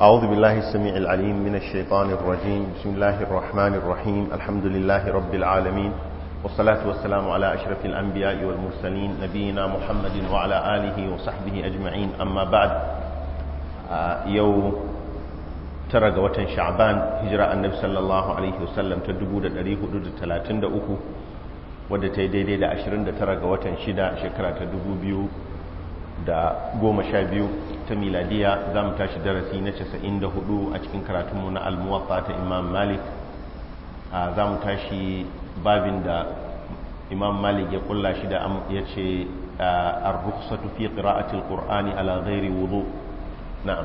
أعوذ بالله السميع العليم من الشيطان الرجيم بسم الله الرحمن الرحيم الحمد لله رب العالمين والصلاة والسلام على أشرف الأنبياء والمرسلين نبينا محمد وعلى آله وصحبه أجمعين أما بعد يو ترق وتن شعبان هجرة النبي صلى الله عليه وسلم تدبود الأريه ودود التلاتين دا أكو ودتي ديدي دا أشرين دا ترق وتن شدا شكرة تدبو بيو da goma sha biyu ta miladiya za mu tashi darasi na casa'in da hudu a cikin karatunmu na almuwafa ta imam malik za mu tashi babin da imam malik ya kulla shi da ya ce الرخصة في قراءة القرآن على غير وضوء نعم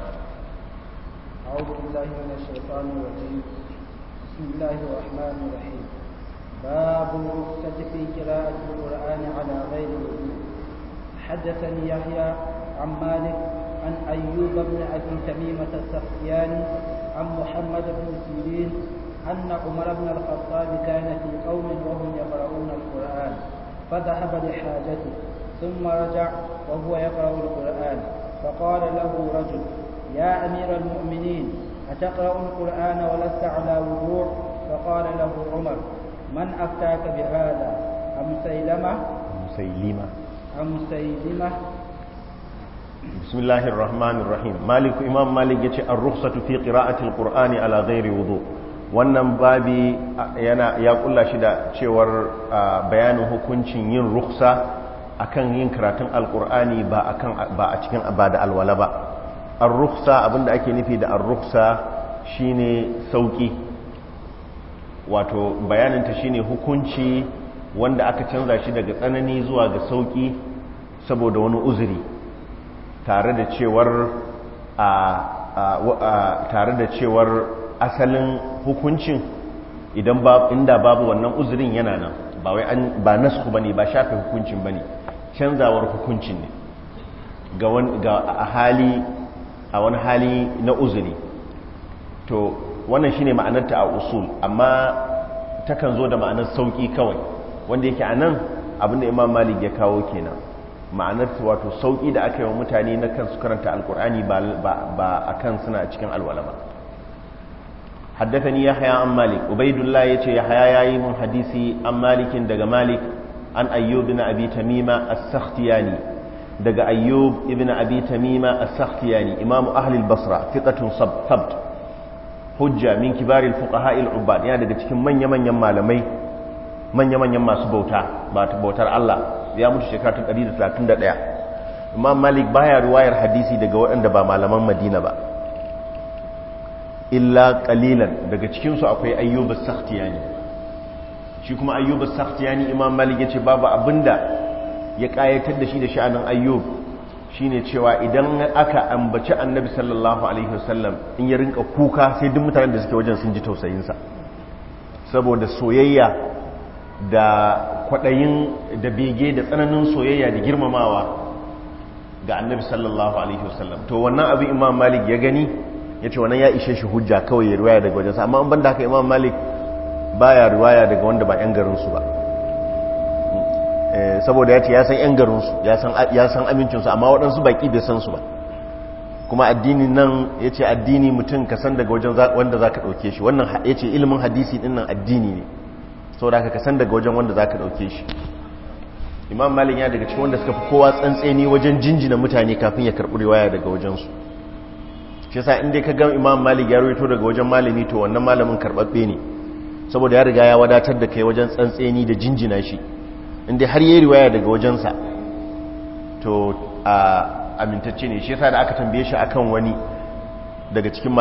باب الرخصة في قراءة القرآن على غير حدثني يحيى عن مالك عن أيوب بن أبي تميمة السختياني عن محمد بن سيرين أن عمر بن الخطاب كان في قوم وهم يقرؤون القرآن فذهب لحاجته ثم رجع وهو يقرأ القرآن فقال له رجل يا أمير المؤمنين أتقرأ القرآن ولست على وضوء فقال له عمر من أفتاك بهذا أم سيلمة مسيلمة بسم الله الرحمن الرحيم مالك امام مالك يتي الرخصة في قراءة القرآن على غير وضوء wannan babi yana ya kulla shi da cewar bayanin hukuncin yin ruksa akan yin karatun alkur'ani ba ba a cikin ba da alwala ba ar-rukhsa abinda ake nufi da ar-rukhsa shine sauki wato bayanin ta shine hukunci wanda aka canza shi daga tsanani zuwa ga sauki saboda wani uzuri tare da cewar a tare da cewar asalin hukuncin idan ba inda babu wannan uzurin yana nan ba wai an ba nasku bane ba shafe hukuncin bane canzawar hukuncin ne ga wani ga a hali a wani hali na uzuri to wannan shine ma'anarta a usul amma takan zo da ma'anar sauki kawai wanda yake anan abinda imam malik ya kawo kenan ma'anar wato sauƙi da aka yi wa mutane na kan su karanta alkur'ani ba a kan suna cikin alwala ba ya haya an malik ubaidullah haya ya yi mun hadisi an malikin daga malik an ayyub ibn abi tamima as-sakhtiyani daga ayyub ibn abi tamima as-sakhtiyani imamu ahli basra fiqatun sabt hujja min kibari al-fuqaha al-ubad yana daga cikin manya-manyan malamai manya-manyan masu bauta ba bautar Allah ya mutu shekara ta 131 imam malik baya ruwayar hadisi daga waɗanda ba malaman madina ba illa ƙalilan daga cikinsu akwai ayyubar as shi kuma ayyubar saktiyani imam malik yace babu abinda ya ƙayatar da shi da sha'anin ayyub shine cewa idan aka ambaci annabi sallallahu alaihi wasallam in ya rinka kuka sai duk mutanen da suke wajen sun ji tausayinsa saboda soyayya da kwaɗayin da bege da tsananin soyayya da girmamawa ga annabi sallallahu alaihi wasallam to wannan abin imam malik ya gani ya ce wannan ya ishe shi hujja kawai ya riwaya daga wajensa amma an banda haka imam malik baya riwaya daga wanda ba 'yan garinsu ba eh, saboda ya ce ya san 'yan garinsu ya san amincinsu amma waɗansu baƙi bai san su ba kuma addini nan ya ce addini mutum ka san daga wajen wanda za ka ɗauke shi wannan ya ce ilimin hadisi ɗin nan addini ne saboda ka san daga wajen wanda zaka dauke shi imam malin ya daga cikin wanda suka fi kowa tsantseni wajen jinjina mutane kafin ya karɓi riwaya daga wajensu shi yasa inda ka ga imam malin ya rawaito daga wajen malami to wannan malamin karɓaɓɓe ne saboda ya riga ya wadatar da kai wajen tsantseni da jinjina shi inda har yi riwaya daga wajensa to a amintacce ne shi yasa da aka tambaye shi akan wani daga cikin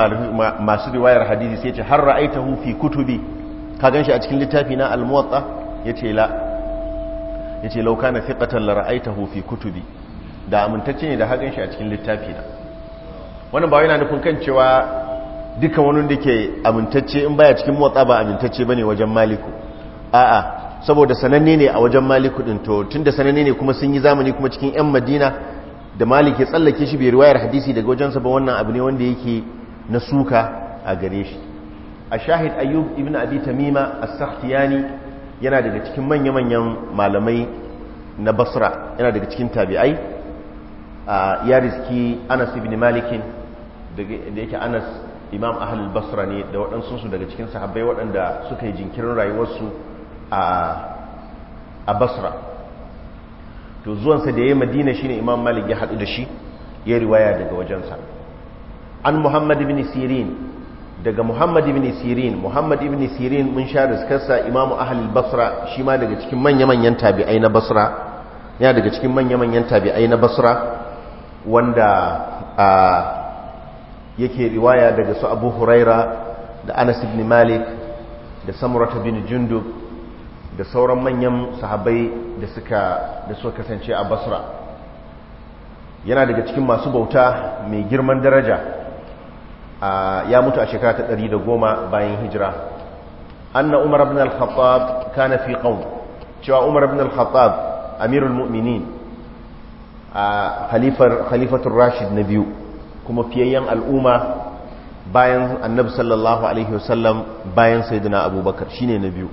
masu riwayar hadisi sai ce har ra'aitahu fi kutubi ka gan shi a cikin littafi na almuwatsa ya ce la ya ce lauka na fiƙatar lara'aita hufi kutubi da amintacce ne da hagan shi a cikin littafi na Wani ba yana nufin kan cewa duka wani da ke amintacce in baya cikin motsa ba amintacce ba ne wajen maliku a'a saboda sananne ne a wajen maliku din to tun da sananne ne kuma sun yi zamani kuma cikin 'yan madina da malik ya tsallake shi bai riwayar hadisi daga wajensa ba wannan abu ne wanda yake na suka a gare shi a shahid ayyub ibn abi tamima as-sakhtiyani yana daga cikin manya-manyan malamai na basra yana daga cikin tabi'ai ya riski anas ibn malikin da yake anas imam ahal basra ne da waɗansu su daga cikin sahabbai waɗanda suka yi jinkirin rayuwarsu a basra to zuwansa da ya yi madina shine imam malik ya haɗu da shi ya riwaya daga wajensa an muhammad ibn sirin daga muhammad ibn sirin muhammad ibn sirin mun sha riskarsa Imam Ahlul basra shi ma daga cikin manya-manyan tabi'ai na basra ya daga cikin manya-manyan tabi'ai na basra wanda a yake riwaya daga su abu huraira da anas ibn malik da samurata bin jundub da sauran manyan sahabai da suka da suka kasance a basra yana daga cikin masu bauta mai girman daraja ya mutu a shekara ta ɗari da goma bayan hijira anna umar ibn al-khattab kana fi qawm cewa umar ibn al-khattab amirul mu'minin a khalifar khalifatul rashid na biyu kuma fiyayyen al'umma bayan annabi sallallahu alaihi wasallam bayan sayyidina abubakar shine na biyu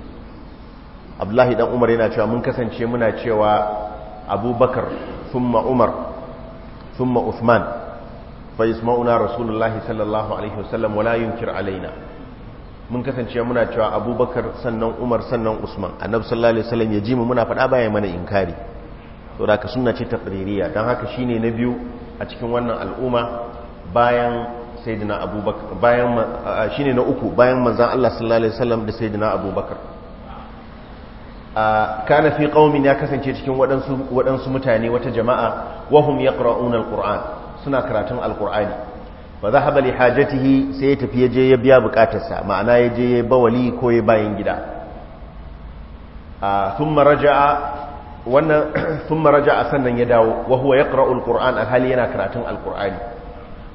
abdullahi dan umar yana cewa mun kasance muna cewa abubakar thumma umar thumma uthman fa yasma'una rasulullahi sallallahu alaihi wasallam wala yunkir alaina mun kasance muna cewa abubakar sannan umar sannan usman annabi sallallahu alaihi wasallam ya ji mu muna faɗa baya mana inkari to da ka sunna ce taqririya dan haka shine na biyu a cikin wannan al'umma bayan sayyidina abubakar bayan shine na uku bayan manzon Allah sallallahu alaihi wasallam da sayyidina abubakar kana fi qaumin ya kasance cikin waɗansu waɗansu mutane wata jama'a wahum yaqra'una alquran suna karatun alkur'ani ba za haɓa lihajatihi sai ya tafi ya je ya biya bukatarsa ma'ana ya je ya bawali ko ya bayan gida sun maraja a sannan ya dawo wahuwa ya ƙara alkur'an a hali yana karatun alkur'ani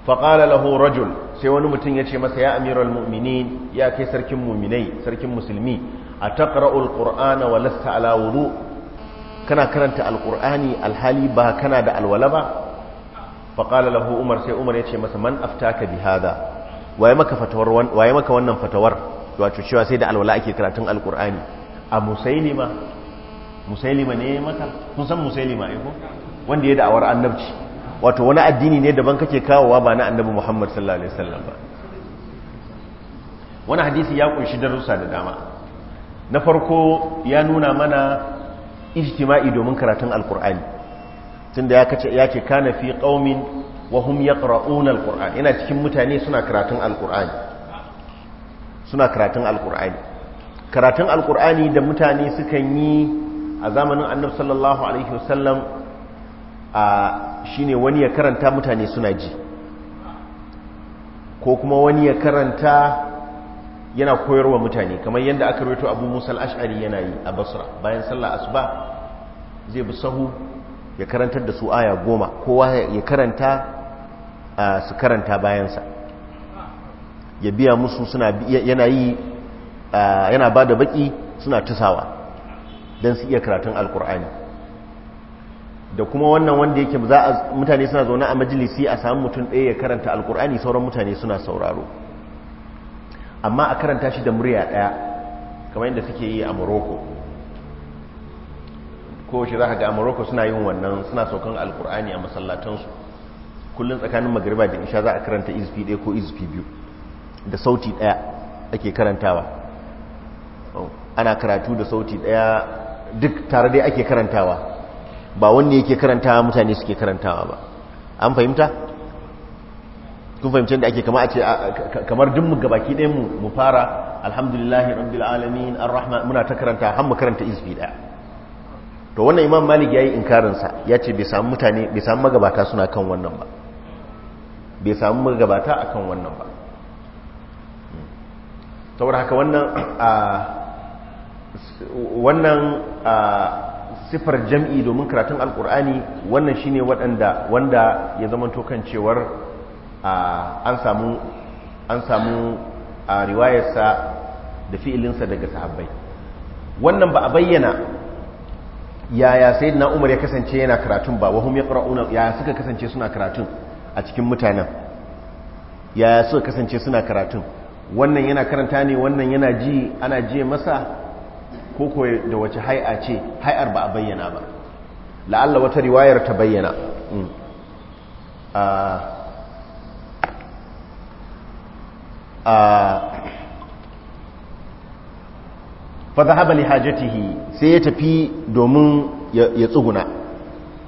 faƙala laho rajul sai wani mutum ya ce masa ya amiral mu'minin ya kai sarkin muminai sarkin musulmi a ta ƙara alkur'ana wa lasta kana karanta alkur'ani alhali ba kana da alwala ba faƙala lahu umar sai umar ya ce masa man aftaka bi hada waye maka wannan fatawar wato cewa sai da alwala ake karatun alkur'ani a musailima musailima ne maka kun san musailima ai ko wanda ya da'awar annabci wato wani addini ne daban kake kawowa ba na annabi muhammad sallallahu alaihi wasallam ba wani hadisi ya kunshi darussa da dama na farko ya nuna mana ijtima'i domin karatun alkur'ani tunda ya ya ce kana fi qaumin wa hum yaqra'una alquran yana cikin mutane suna karatun alqur'ani suna karatun alqur'ani karatun da mutane sukan yi a zamanin annabi sallallahu alaihi wasallam a shine wani ya karanta mutane suna ji ko kuma wani ya karanta yana koyarwa mutane kamar yadda aka rawaito Abu Musa ashari yana yi a Basra bayan sallar asuba zai bi sahu ya karantar da su aya goma kowa ya karanta su karanta bayansa ya biya musu suna yana yi yana ba da baki suna tusawa don su iya karatun alkur'ani da kuma wannan wanda yake za a mutane suna zaune a majalisi a samu mutum ɗaya ya karanta alkur'ani sauran mutane suna sauraro amma a karanta shi da murya ɗaya kamar yadda suke yi a morocco Ko shi za ka ga a morocco suna yin wannan suna saukan alkur'ani a masallatansu kullum tsakanin magariba da isha za a karanta izfi ɗaya ko izfi biyu da sauti ɗaya ake karantawa ana karatu da sauti ɗaya duk tare dai ake karantawa ba wanne yake karantawa mutane suke karantawa ba an fahimta kun fahimci da ake kama a ce kamar duk mu gabaki ɗayan mu mu fara alhamdulillahi rabbil alamin arrahman muna ta karanta har mu karanta izfi ɗaya to wannan imam malik ya yi inkarinsa ya ce bai samu mutane bai samu magabata suna kan wannan ba bai samu magabata a kan wannan ba saboda haka wannan a wannan a sifar jam'i domin karatun alkur'ani wannan shine waɗanda wanda ya zama tokan cewar an samu an samu a riwayarsa da fi'ilinsa daga sahabbai wannan ba a bayyana yaya na umar ya kasance yana karatun ba wahum yaqra'una yaya suka kasance suna karatun a cikin mutanen yaya suka kasance suna karatun wannan yana karanta ne wannan yana ji ana ji masa ko ko da wace hai'a ce hai'ar ba a bayyana ba la'alla wata riwayar ta bayyana mm. a ah. ah. fa li hajatihi sai ya tafi domin ya tsuguna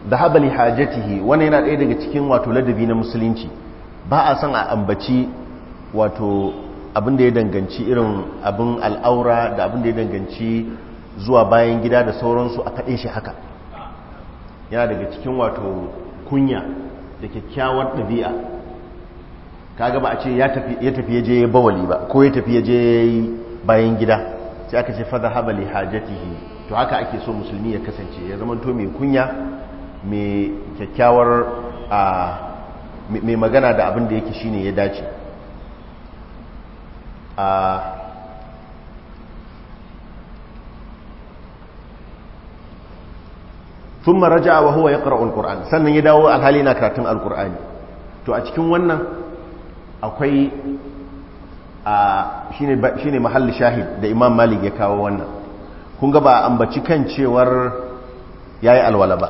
dhahaba li hajatihi wannan yana ɗaya daga cikin wato ladabi na musulunci ba a son a ambaci wato abin da ya danganci irin abin al'aura da abin da ya danganci zuwa bayan gida da sauransu a kaɗe shi haka yana daga cikin wato kunya da kyakkyawar ɗabi'a ka gaba a ce ya tafi ya je bawali ba ko ya tafi ya je bayan gida sai aka ce fadha haba li hajatihi to haka ake so musulmi ya kasance ya zama to mai kunya mai kyakkyawar a mai magana da abin da yake shine ya dace a wa huwa ya يقرأ القرآن sannan ya dawo alhali na karatun alƙur'ani to a cikin wannan akwai shi ne mahalli shahid da imam malik ya kawo wannan kun ga ba ambaci kan cewar ya yi alwala ba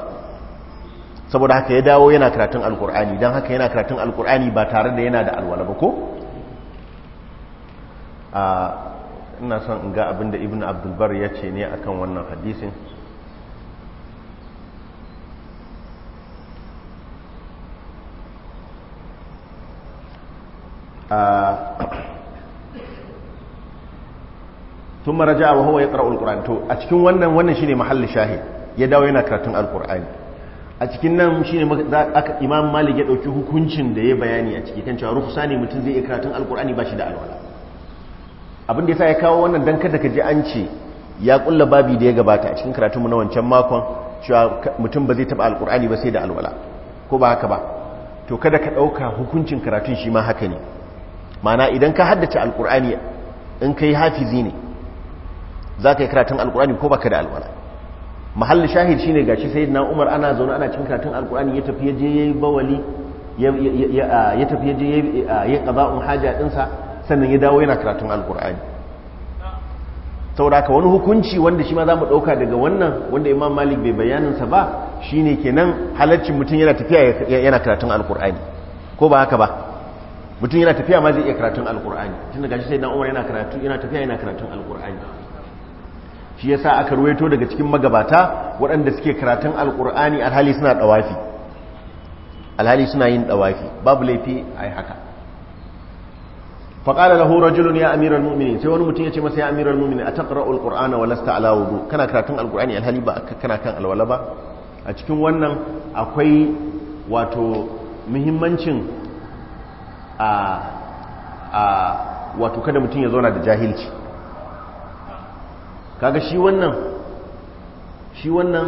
saboda haka ya dawo yana karatun alkur'ani don haka yana karatun alkur'ani ba tare da yana da alwala ba ko? ina son in ga abinda ibn abdulbar ya ce ne akan wannan hadisin a tun maraja وهو يقرا القران تو ا a cikin wannan wannan shine mahallin shahi ya dawo yana karatun alƙur'ani a cikin nan shine aka imam malik ya ɗauki hukuncin da ya bayani a ciki kan cewa rukusa ne mutum zai iya karatun alƙur'ani ba shi da alwala abin da yasa ya kawo wannan dan kada ka je an ce ya kulla babi da ya gabata a cikin karatun mu na wancan makon cewa mutum ba zai taba alƙur'ani ba sai da alwala ko ba haka ba to kada ka dauka hukuncin karatun shi ma haka ne ma'ana idan ka haddace alƙur'ani in kai hafizi ne za ka yi karatun alkurani ko baka da alwala mahallin shahid shine gashi sai na umar ana zaune ana cin karatun alkurani ya tafi je yayi bawali ya tafi je yayi qada'un haja dinsa sannan ya dawo yana karatun alkurani saboda ka wani hukunci wanda shi ma za mu ɗauka daga wannan wanda imam malik bai bayaninsa ba shine kenan halaccin mutum yana tafiya yana karatun alkur'ani ko ba haka ba mutum yana tafiya ma zai iya karatun alkur'ani tun da gashi sai na umar yana karatu yana tafiya yana karatun alkur'ani shi yasa aka ruwaito daga cikin magabata waɗanda suke karatun alkur'ani alhali suna ɗawafi alhali suna yin ɗawafi babu laifi a yi haka da horar rajulun ya amiral mumini sai wani mutum ya ce masa ya amiral mumini a taƙara alƙur'ana wa lasta ala wudu kana karatun alƙur'ani alhali ba kana kan alwala ba a cikin wannan akwai wato muhimmancin a wato kada mutum ya zauna da jahilci kaga shi wannan shi wannan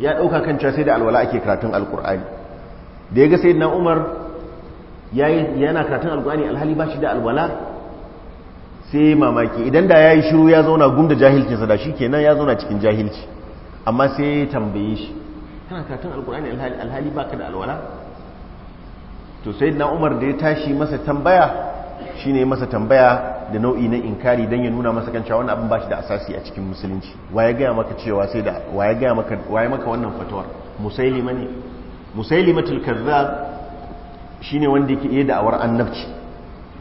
ya ɗauka kan cewa sai da alwala ake karatun alkur'ani da ya ga sai na umar yana karatun alkur'ani alhali ba shi da alwala sai mamaki idan da ya yi shiru ya zauna gum da jahilcinsa da shi kenan ya zauna cikin jahilci amma sai ya tambaye shi kana karatun alkur'ani alhali ba ka da alwala to sai na umar da ya tashi masa tambaya shi ne masa tambaya da nau'i na inkari don ya nuna masa kan cewa wannan abin ba shi da asasi a cikin musulunci waye gaya maka cewa sai da waye gaya maka waye maka wannan fatawar musailima ne musailimatul kazzab shine wanda yake iya da'awar annabci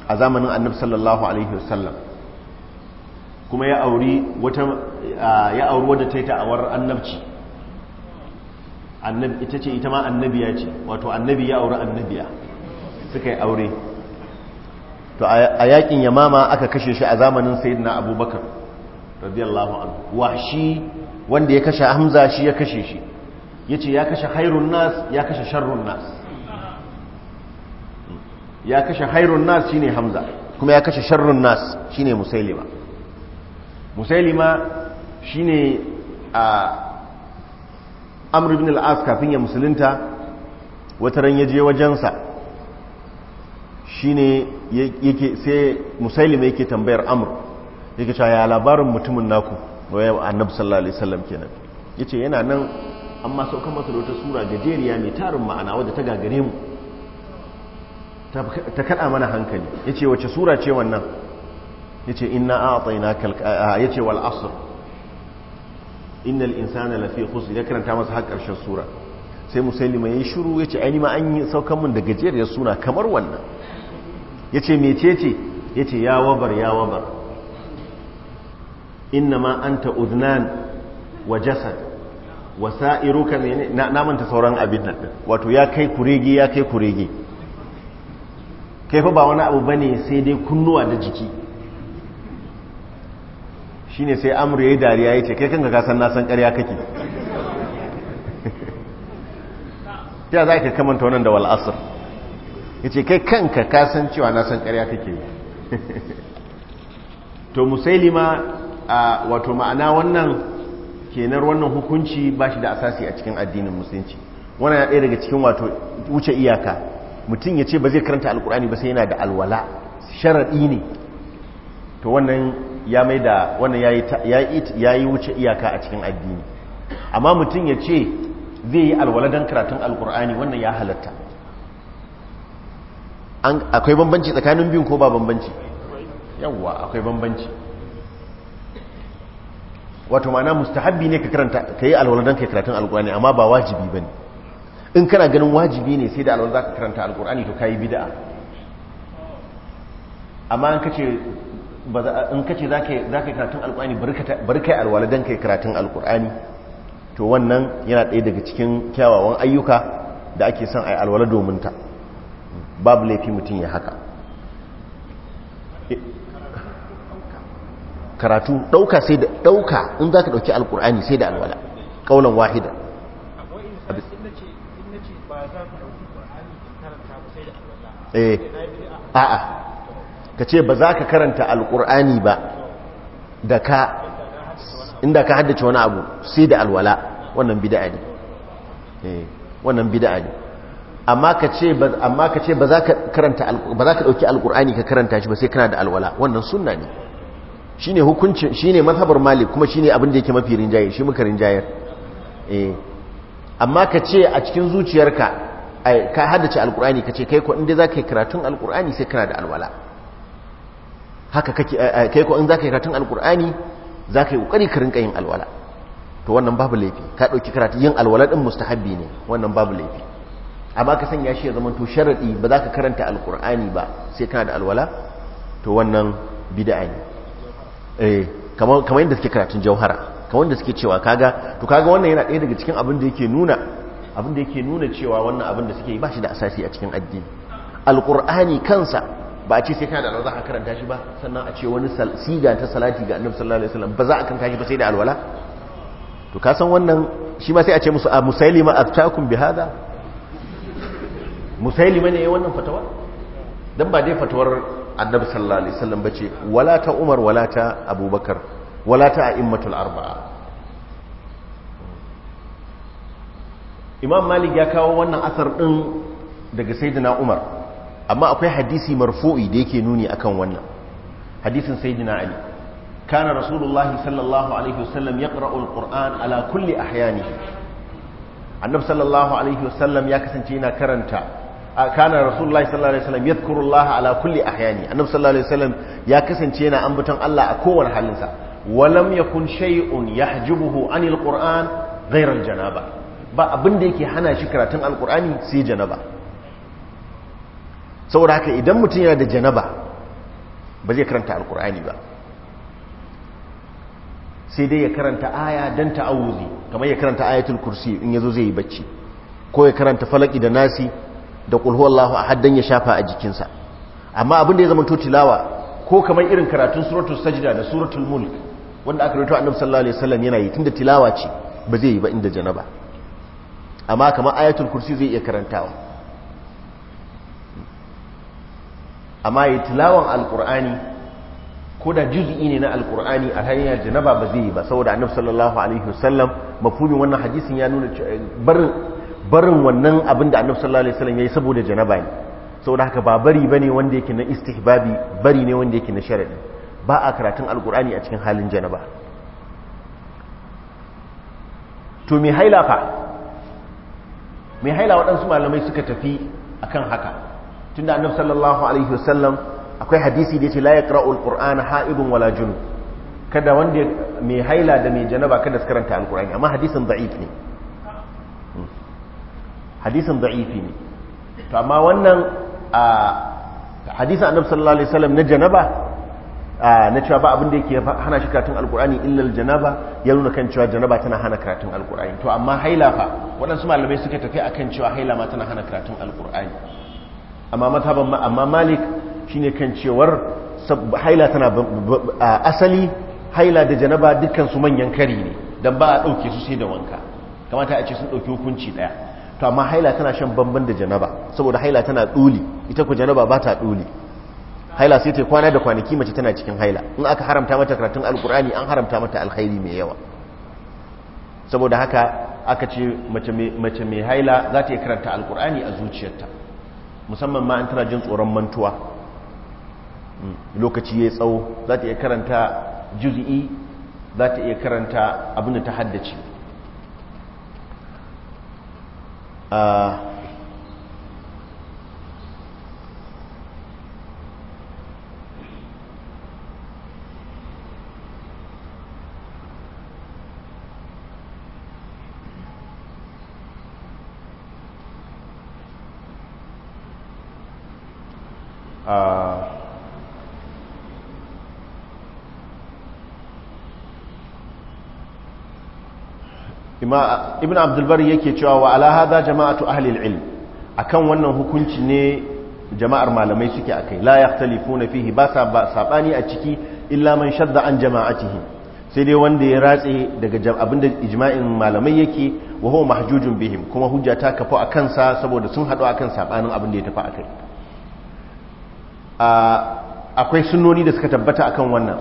a zamanin annab sallallahu alaihi wasallam kuma ya auri wata ya auri wanda ta yi da'awar annabci annab ita ce ita ma annabiya ce wato annabi ya auri annabiya suka yi aure to a yakin yamama aka kashe shi a zamanin sayyidina abubakar radiyallahu anhu shi wanda ya kashe hamza shi ya kashe shi yace ya kashe khairun nas ya kashe sharrun nas ya kashe khairun nas shine hamza kuma ya kashe sharrun nas shine musailima musailima shine a amr ibn al-as kafin ya musulunta ran yaje wajensa shine yake sai musailima yake tambayar amr yake cewa ya labarin mutumin naku waye annabi sallallahu alaihi wasallam kenan yace yana nan amma sauka masa wata sura gajeriya mai tarin ma'ana wadda ta gagare mu ta kada mana hankali yace wace sura ce wannan yace inna a'tainaka yace wal asr innal insana lafi khusr ya karanta masa har karshen sura sai musailima yayi shiru yace ai ma an yi saukan mun da gajeriyar suna kamar wannan ya ce mecece ya ce ya wabar ya wabar inna ma ta uznan wa jasad wa sa'iruka mene na manta sauran abin nan wato ya kai kuregi ya kai kuregi kai fa ba wani abu bane sai dai kunnuwa da jiki shine sai amur ya yi dariya ya ce kai kanka ka san na san ƙarya kake ta za ka kamanta wannan da wal'asar. ya ce kai kanka kasan cewa na san ƙarya kake to musailima a wato ma'ana wannan kenar wannan hukunci ba shi da asasi a cikin addinin musulunci wannan ya ɗaya daga cikin wato wuce iyaka mutum ya ce ba zai karanta alkur'ani ba sai yana da alwala sharaɗi ne to wannan ya mai da wannan ya yi wuce iyaka a cikin addini amma mutum ya ce zai yi alwala don karatun alkur'ani wannan ya halatta akwai bambanci tsakanin biyun ko ba bambanci yawwa akwai bambanci wato ma'ana mustahabbi ne ka karanta ka yi alwala don ka karatun alkurani amma ba wajibi ba ne in kana ganin wajibi ne sai da alwala za ka karanta alkurani to ka yi bida amma in ka ce za ka yi karatun alkurani bari ka yi alwala don ka yi karatun alkurani to wannan yana ɗaya daga cikin kyawawan ayyuka da ake son a yi alwala domin ta babu laifi mutum ya haka karatu ɗauka sai da ɗauka in za ka ɗauki alkur'ani sai da alwala ƙaunar wahida eh, a'a ka ce ba za ka karanta alkur'ani ba da ka inda ka haddace wani abu sai da alwala wannan bida'a ne eh, wannan bida'a ne amma ka ce amma ka ce ba za ka karanta ba ka dauki alqur'ani ka karanta shi ba sai kana da alwala wannan sunna ne shine hukuncin shine mazhabar malik kuma shine abin da yake mafi rinjaye shi muka rinjayar eh amma ka ce a cikin zuciyarka ka haddace alqur'ani ka ce kai ko inda za ka yi karatun alqur'ani sai kana da alwala haka kake eh, eh, kai ko in za ka yi karatun alqur'ani za ka yi kokari ka rinka yin alwala to wannan babu laifi ka dauki karatu yin alwala din mustahabbi ne wannan babu laifi amma ka sanya shi ya zama to sharadi ba za ka karanta alkur'ani ba sai kana da alwala to wannan bid'a ne eh kamar kamar yadda suke karatun jauhara kamar yadda suke cewa kaga to kaga wannan yana ɗaya daga cikin abin da yake nuna abin da yake nuna cewa wannan abin da suke yi ba shi da asasi a cikin addini alkur'ani kansa ba a ce sai kana da alwala za a karanta shi ba sannan a ce wani siga ta salati ga annabi sallallahu alaihi wasallam ba za a karanta shi ba sai da alwala to ka san wannan shi ma sai a ce musu a musailima aftakum hada musailima ne wannan fatawa dan ba dai fatawar annabi sallallahu alaihi wasallam bace wala ta umar wala ta abubakar wala ta a'immatul arba'a imam malik ya kawo wannan asar din daga sayyidina umar amma akwai hadisi marfu'i da yake nuni akan wannan hadisin sayyidina ali kana rasulullahi sallallahu alaihi wasallam yaqra'u alquran ala kulli ahyanihi annabi sallallahu alaihi wasallam ya kasance yana karanta kana rasulullahi sallallahu alaihi wasallam yadhkurullaha ala kulli ahyani annab sallallahu alaihi wasallam ya kasance yana ambaton Allah a kowane sa walam yakun shay'un yahjubuhu anil qur'an ghayra janaba ba abin da yake hana shi karatun alqur'ani sai janaba saboda haka idan mutum yana da janaba ba zai karanta alqur'ani ba sai dai ya karanta aya dan ta'awuzi kamar ya karanta ayatul kursi in yazo zai yi bacci ko ya karanta falaki da nasi da ƙulhu Allah a haddan ya shafa a jikinsa amma abin da ya zama tilawa ko kamar irin karatun suratul sajda da suratul mulk wanda aka a annabi sallallahu alaihi wasallam yana yi tunda tilawa ce ba zai yi ba inda janaba amma kamar ayatul kursi zai iya karantawa amma yi tilawan alqur'ani ko da juz'i ne na alqur'ani a hanyar janaba ba zai yi ba saboda annabi sallallahu alaihi wasallam mafhumin wannan hadisin ya nuna barin barin wannan abin da annabi sallallahu alaihi wasallam yayi saboda janaba ne saboda haka ba bari bane wanda yake na istihbabi bari ne wanda yake na sharadi ba a karatun alqur'ani a cikin halin janaba to mai haila fa mai haila waɗansu malamai suka tafi akan haka tunda annabi sallallahu alaihi wasallam akwai hadisi da yake la yaqra'ul qur'ana ha'ibun wala junub kada wanda mai haila da mai janaba kada su karanta alqur'ani amma hadisin da'if ne hadisin da'ifi ne to amma wannan hadisin annabi sallallahu alaihi wasallam na janaba na cewa ba abin da yake hana shi karatun alqur'ani illal janaba ya nuna kan cewa janaba tana hana karatun alqur'ani to amma haila fa waɗansu malamai suka tafi akan cewa haila ma tana hana karatun alqur'ani amma mataban ma amma malik shine kan cewar haila tana asali haila da janaba dukkan su manyan kari ne dan ba a dauke su sai da wanka kamata a ce sun dauki hukunci daya to amma haila tana shan bambam da janaba saboda haila tana duli ita ku janaba ba ta duli haila sai ta kwana da kwanaki mace tana cikin haila in aka haramta mata karatun alkur'ani an haramta mata alkhairi mai yawa saboda haka aka ce mace mai haila za ta yi karanta alkur'ani a zuciyarta musamman ma an tana jin tsoron mantuwa hmm, lokaci ya tsawo za ta iya karanta juzi'i za ta iya karanta abin da ta haddace uh, uh, ibn abdulbari yake cewa wa ala hada jama'atu ahlil ilm akan wannan hukunci ne jama'ar malamai suke akai la yahtalifuna fihi ba saɓani a ciki illa man shadda an jama'atihi sai dai wanda ya ratse daga abinda ijma'in malamai yake wa huwa mahjujun bihim kuma hujja ta kafa a kansa saboda sun hadu akan sabanin abinda ya tafi akai akwai sunnoni da suka tabbata akan wannan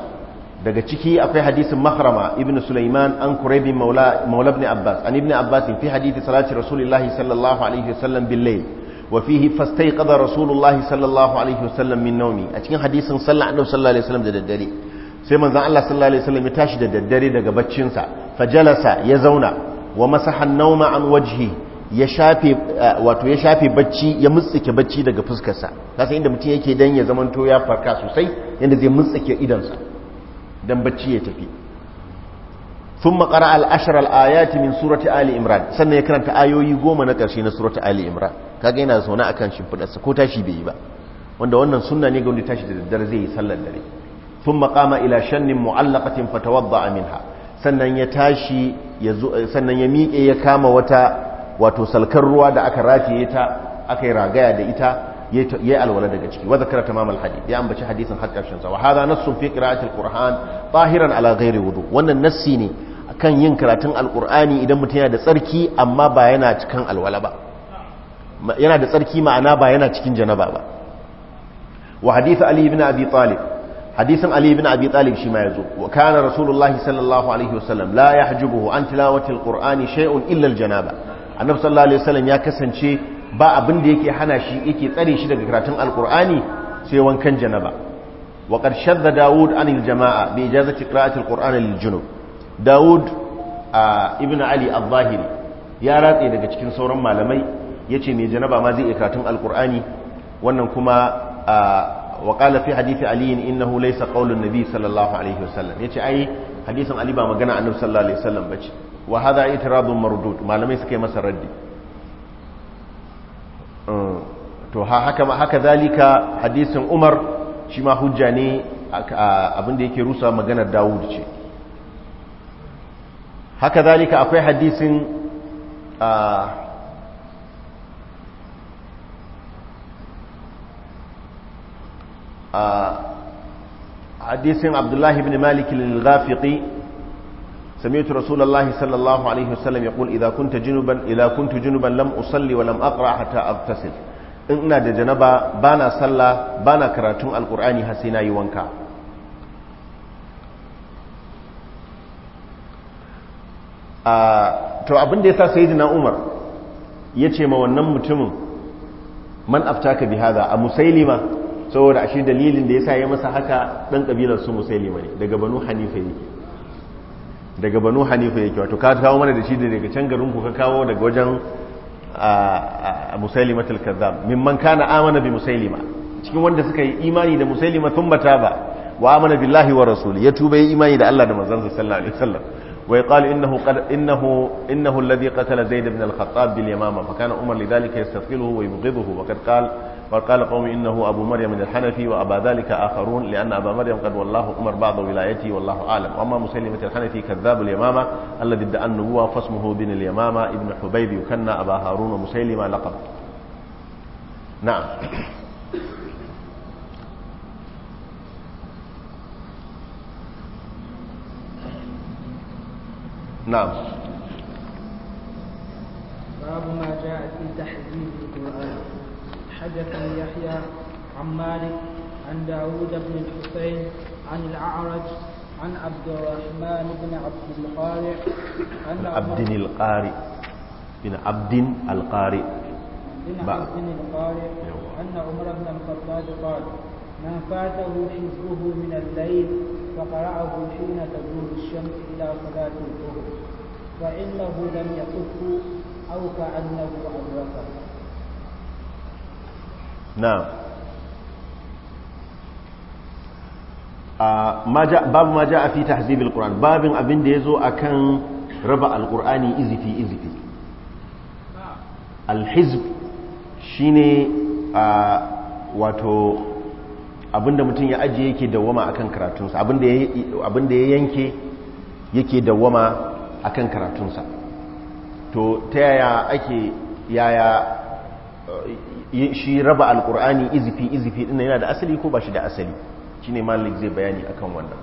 daga ciki akwai hadisin mahrama ibn sulaiman an kuraibi maula ibn abbas an ibn abbas fi hadisi salati rasulullahi sallallahu alaihi wasallam bil layl wa fihi fastayqadha rasulullahi sallallahu alaihi wasallam min nawmi a cikin hadisin sallallahu alaihi wasallam da daddare sai manzon Allah sallallahu alaihi wasallam ya tashi da daddare daga baccin sa fajalasa ya zauna wa masaha an-nawma an wajhi ya shafe eh, wato ya shafe bacci ya mutsike bacci daga fuskarsa kasa inda mutum yake dan ya zamanto ya farka sosai yanda zai mutsike sa. dan bacci ya tafi thumma qara'a al-ashr al-ayati min surati ali imran sannan ya karanta ayoyi goma na karshe na surati ali imran kaga yana zaune akan shimfidarsa ko tashi bai yi ba wanda wannan sunna ne ga wanda tashi da daddare zai yi sallar dare thumma qama ila shannin mu'allaqatin fatawadda'a minha sannan ya tashi sannan ya miƙe ya kama wata wato salkar ruwa da aka rataye ta aka yi ragaya da ita yayi alwala daga ciki wa zakara tamamal hadith ya ambaci hadisin har karshen sa wa hadha nassun fi qira'ati quran tahiran ala ghairi wudu wannan nassi ne akan yin karatun alqur'ani idan mutum yana da tsarki amma ba yana cikin alwala ba yana da tsarki ma'ana ba yana cikin janaba ba wa hadith ali ibn abi talib hadisin ali ibn abi talib shi ma yazo wa kana rasulullahi sallallahu alaihi wasallam la yahjubuhu an tilawati alqur'ani shay'un illa aljanaba annabi sallallahu alaihi wasallam ya kasance ba abin da yake hana shi yake tsare shi daga karatun alkur'ani sai wankan janaba wa ƙarshen da dawud anil jama'a bai jaza ci ƙira'atul ƙur'ani lil dawud a ibn ali al-zahiri ya ratse daga cikin sauran malamai ya ce mai janaba ma zai iya karatun alkur'ani wannan kuma a ƙala fi hadithi aliyin hu laisa qaulun nabi sallallahu alaihi wasallam ya ce ai hadisin ali ba magana annabi sallallahu alaihi wasallam bace wa ita itiradun mardud malamai suka yi masa raddi to haka ma haka zalika hadisin umar shi ma hujja ne abinda yake rusa maganar dawud ce haka zalika akwai hadisin hadisin abdullahi ibn malik al-ghafiqi سمعت رسول الله صلى الله عليه وسلم يقول إذا كنت جنبا إذا كنت جنبا لم أصلي ولم أقرأ حتى أغتسل إن دا جنبا بانا صلى بانا كراتون القرآن حسينا يوانكا to abin da ya sa sayyidina Umar ya ce ma wannan mutumin man aftaka bi a musailima saboda ashe dalilin da ya sa ya masa haka ɗan kabilar su ne daga banu hanifa ne daga banu hanifa yake wato ka kawo mana da shi daga can garin ku ka kawo daga wajen musailima tilkazab mimman kana amana bi musailima cikin wanda suka yi imani da musailima thumma ba wa amana billahi wa rasul ya tuba yi imani da Allah da manzon sallallahu alaihi wasallam wa yaqalu innahu qad innahu innahu alladhi qatala zaid ibn al-khattab bil yamama fa kana umar lidhalika yastaqiluhu wa yubghiduhu wa qad qala قال قال إنه أبو مريم من الحنفي وأبا ذلك آخرون لأن أبا مريم قد والله أمر بعض ولايته والله أعلم وأما مسلمة الحنفي كذاب اليمامة الذي ادعى النبوة فاسمه بن اليمامة ابن حبيب يكنى أبا هارون ومسيلمة لقب نعم نعم باب ما جاء في تحديد القرآن حدثني يحيى عن مالك عن داود بن الحسين عن الأعرج عن عبد الرحمن بن عبد القارئ عن عبد القارئ بن عبد القارئ بن عبد القارئ أن عمر بن الخطاب قال ما فاته حزبه من الليل فقرأه حين تدور الشمس إلى صلاة الظهر فإنه لم يكف أو كأنه أدركه na'am ah, babu ma a fi tahzibil qur'an babin abin da yazo akan raba alqur'ani izifi izifi alhizb shine ah, wato abinda mutum ya ajiye yake dawwama akan karatunsa abinda ya yanke yake dawwama akan karatunsa to ta yaya ake yaya shi raba alkur'ani izifi izifi din yana da asali ko ba shi da asali shine malik zai bayani akan wannan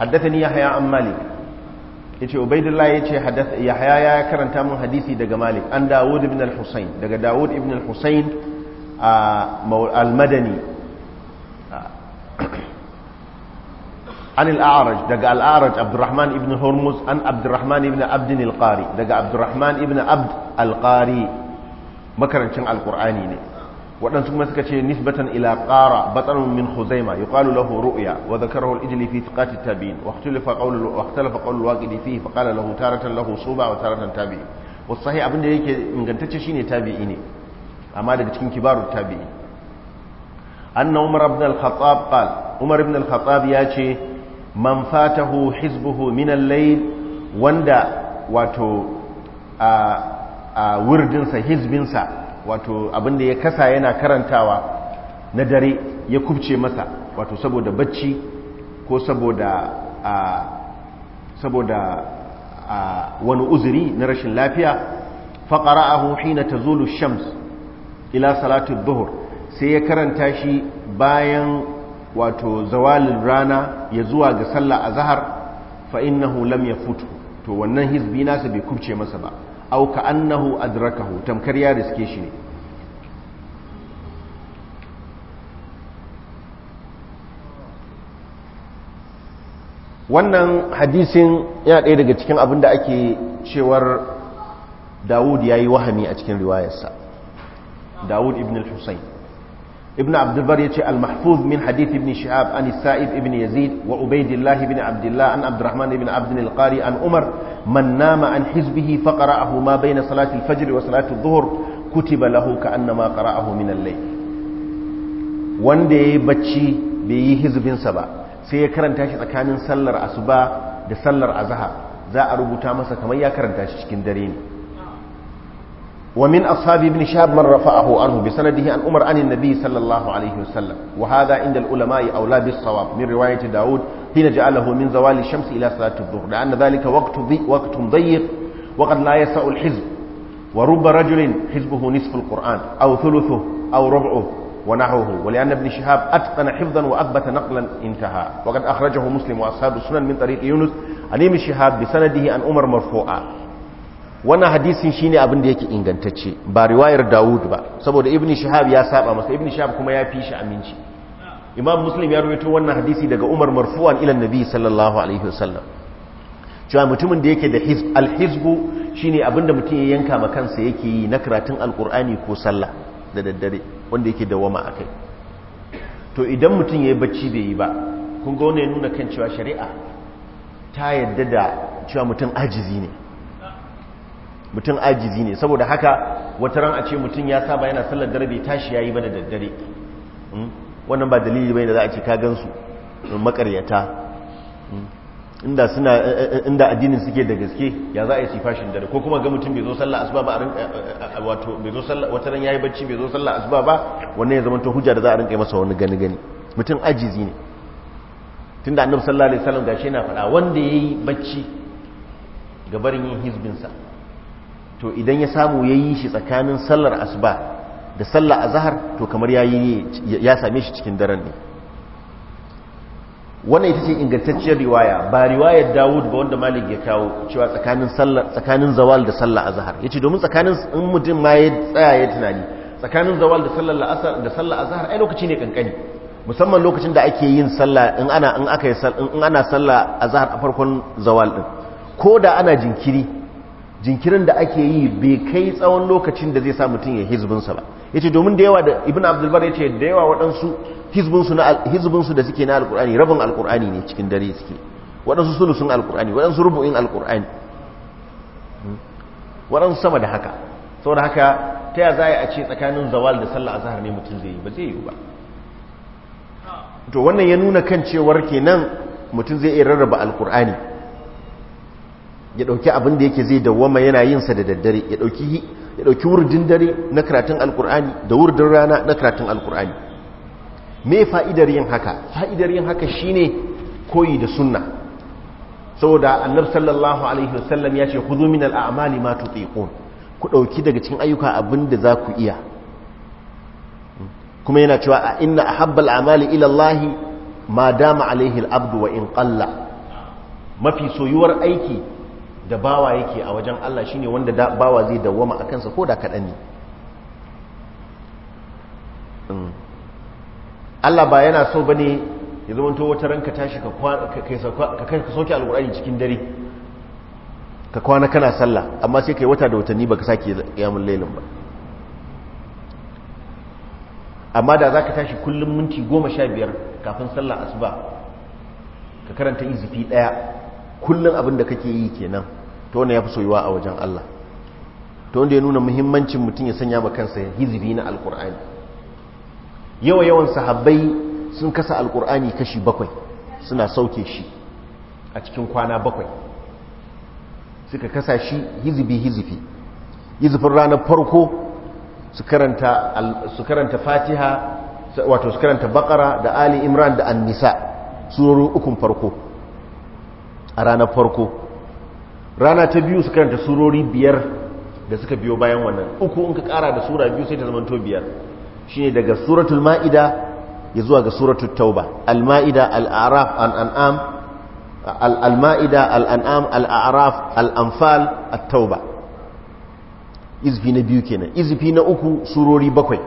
haddathani yahya an malik yace ubaidullah yace hadath yahya ya karanta mun hadisi daga malik an dawud ibn al-husayn daga dawud ibn al-husayn al-madani عن الأعرج دقى الأعرج عبد الرحمن ابن هرمز عن عبد الرحمن ابن عبد القاري دقى عبد الرحمن ابن عبد القاري makarancin alkur'ani ne waɗansu kuma suka ce nisbatan ila ƙara batsanun min huzaima ya ƙwalu lahu ru'ya wa zakarahu al-ijli fi thiqati tabi'in wa ikhtalafa qawlu wa ikhtalafa qawlu waqidi fihi fa qala lahu taratan lahu suba wa taratan tabi'i wa sahih abin da yake ingantacce shine tabi'i ne amma daga cikin kibaru tabi'i anna umar ibn al-khattab qal umar ibn al-khattab ya ce man fatahu hizbuhu min al-layl wanda wato a wurdinsa hizbinsa wato abinda ya kasa yana karantawa na dare ya kubce masa wato saboda bacci ko saboda a saboda a wani uzuri na rashin lafiya Faƙara a na ta zolu shams ila salatu dhuhr sai ya karanta shi bayan wato zawalin rana ya zuwa ga sallah a fa'in na hulam ya futu to wannan hizbi nasa bai kubce masa ba au ka annahu adrakahu tamkar ya riske shi ne wannan hadisin yana ɗaya daga cikin abin da ake cewar dawud ya yi wahami a cikin riwayarsa dawud ibn al-husayn ibn abdulbar ya ce al-mahfuz min hadith ibn shihab an sa'ib ibn yazid wa ubaidillah ibn abdullah an abdurrahman ibn abd al-qari an umar man nama an hizbihi fa qara'ahu ma bayna salati al-fajr wa salati adh-dhuhr kutiba lahu ka annama qara'ahu min al-layl wanda yayi bacci bai yi hisbinsa ba sai ya karanta shi tsakanin sallar asuba da sallar azhar za a rubuta masa kamar ya karanta shi cikin dare ne ومن أصحاب ابن شهاب من رفعه عنه بسنده عن عمر عن النبي صلى الله عليه وسلم وهذا عند العلماء أولى بالصواب من رواية داود حين جعله من زوال الشمس إلى صلاة الظهر لأن ذلك وقت, ضي وقت ضيق وقد لا يسع الحزب ورب رجل حزبه نصف القرآن أو ثلثه أو ربعه ونحوه ولأن ابن شهاب أتقن حفظا وأثبت نقلا انتهى وقد أخرجه مسلم وأصحاب السنن من طريق يونس عن ابن شهاب بسنده عن عمر مرفوعا wannan hadisin shine abin da yake ingantacce ba riwayar Dawud ba saboda Ibn Shihab ya saba masa Ibn Shihab kuma ya fi shi aminci Imam Muslim ya rubuta wannan hadisi daga Umar marfu'an ila Nabi sallallahu alaihi wasallam cewa mutumin da yake da hizb al shine abin da mutum ya yanka ma kansa yake yi na karatun alkur'ani ko sallah da daddare wanda yake da wama akai to idan mutum ya yi bacci bai yi ba kun ga wannan ya nuna kan cewa shari'a ta yadda da cewa mutum ajizi ne mutum ajizi ne saboda haka wata ran a ce mutum ya saba yana sallar dare bai tashi yayi ba da daddare hmm? wannan ba dalili bane da za a ce ka gansu makaryata hmm? inda suna inda addinin suke da gaske ya za a yi sifashin dare ko kuma ga mutum bai zo sallar asuba ba a wato bai zo sallar wata ran yayi bacci bai zo sallar asuba ba wannan ya zama to hujja da za a rinka masa wani gani gani mutum ajizi ne tunda annabi sallallahu alaihi wasallam gashi yana faɗa wanda yayi bacci gabarin yin hizbinsa to idan ya samu ya yi shi tsakanin sallar asuba da sallar azahar to kamar ya same shi cikin daren ne wannan ita ce ingantacciyar riwaya ba riwayar dawud ba wanda malik ya kawo cewa tsakanin zawal da sallar azahar ya ce domin tsakanin in mutum ma ya tsaya ya tunani tsakanin zawal da sallar azahar ai lokaci ne kankani musamman lokacin da ake yin sallah in ana in aka yi in ana sallah azahar a farkon zawal din ko da ana jinkiri jinkirin da ake yi bai kai tsawon lokacin da zai sa mutum ya hizbinsa ba ya ce domin da yawa da ibn abdulbar ya ce da yawa waɗansu hizbinsu da suke na Alƙur'ani rabin Alƙur'ani ne cikin dare suke waɗansu sulusun Alƙur'ani waɗansu rubu'in Alƙur'ani. Hmm? waɗansu sama da haka saboda haka ta ya za a ce tsakanin zawal da sallah zahar ne mutum zai yi ba zai yi ba to wannan ya nuna kan cewar kenan mutum zai iya rarraba Alƙur'ani. ya ɗauki abin da yake zai dawwama yana yin sa da daddare ya dauki wurdin dare na karatun alkur'ani da wurdin rana na karatun alkur'ani me fa'idar yin haka fa'idar yin haka shine koyi da sunna saboda annabi sallallahu alaihi wasallam ya ce khudhu min al'amali ma tuqiqun ku ɗauki daga cikin ayyuka abin da za ku iya kuma yana cewa inna ahabbal amali ila Allah ma dama alaihi abdu wa in qalla mafi soyuwar aiki da bawa yake a wajen Allah shine wanda bawa zai dawwama a kansa ko da kaɗan ne mm. Allah ba yana so ne ya zama to wata ranka tashi ka ka soke alƙur'ani cikin dare ka kwana kana sallah amma sai kai wata da watanni baka sake yamun lailin ba amma da zaka tashi kullum minti goma sha biyar kafin sallah asuba ka karanta izifi ɗaya kullum abin da kake yi kenan to wannan ya fi soyuwa a wajen Allah to wanda ya nuna muhimmancin mutum ya sanya ma kansa hizibi na alkur'ani yawa yawan sahabbai sun kasa alkur'ani kashi bakwai suna sauke shi a cikin kwana bakwai suka kasa shi hizibi hizibi hizibin ranar farko su karanta fatiha wato su karanta bakara da ali imran da annisa surorin ukun farko a ranar farko rana ta biyu su karanta surori biyar da suka biyo bayan wannan uku in ka kara da sura biyu sai ta zamanta biyar shine daga suratul ma'ida ya zuwa ga suratul tauba al-ma'ida al-araf al-an'am al-ma'ida al-an'am al-araf al-anfal at-tauba izfi na biyu kenan izfi na uku surori bakwai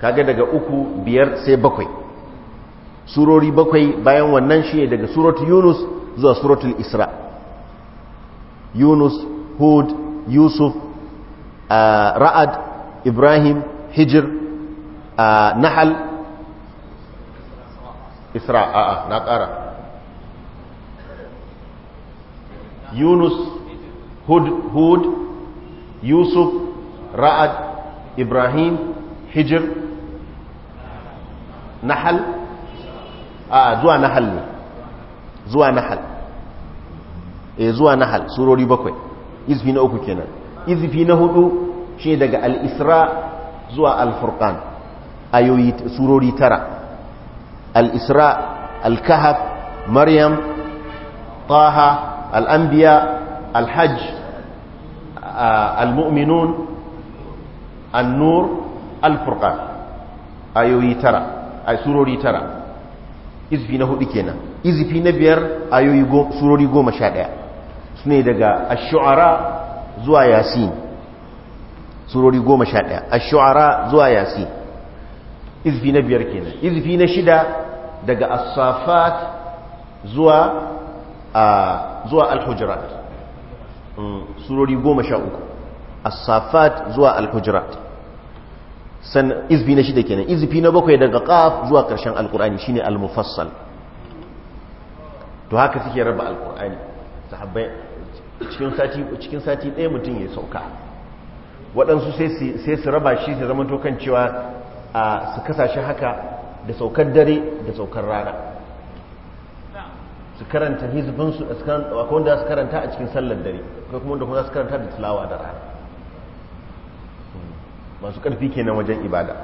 kaga daga uku biyar sai bakwai surori bakwai bayan wannan shine daga suratul yunus zuwa suratul isra yunus hud yusuf ra'ad ibrahim hijir nahal isra a a'a na ƙara yunus hud hud yusuf ra'ad ibrahim hijir nahal a zuwa nahal ne zuwa nahal eh zuwa nahal surori bakwai izfi na uku kenan izfi na hudu shi daga al-isra zuwa al-furqan ayoyi surori tara al-isra al-kahf maryam taha al-anbiya al-hajj al-mu'minun an-nur al-furqan ayoyi tara ay surori tara izifi na hudu kenan izifi na biyar ayoyi surori goma sha ɗaya su ne daga ashu'ara zuwa yasin surori goma sha ɗaya ashu'ara zuwa yasin izifi na biyar kenan izifi na shida daga asafat zuwa zuwa alhujirat mm, surori goma sha uku asafat zuwa alhujirat sannan izbi na shida kenan izbi na bakwai daga qaf zuwa karshen alqur'ani shine al-mufassal to haka suke raba alqur'ani sahabbai cikin sati cikin sati ɗaya mutum ya sauka waɗansu sai su raba shi su zama kan cewa su kasashe haka da saukar dare da saukar rana su karanta hizbinsu akwai wanda su karanta a cikin sallar dare akwai kuma wanda kuma su karanta da tilawa da rana masu ƙarfi kenan wajen ibada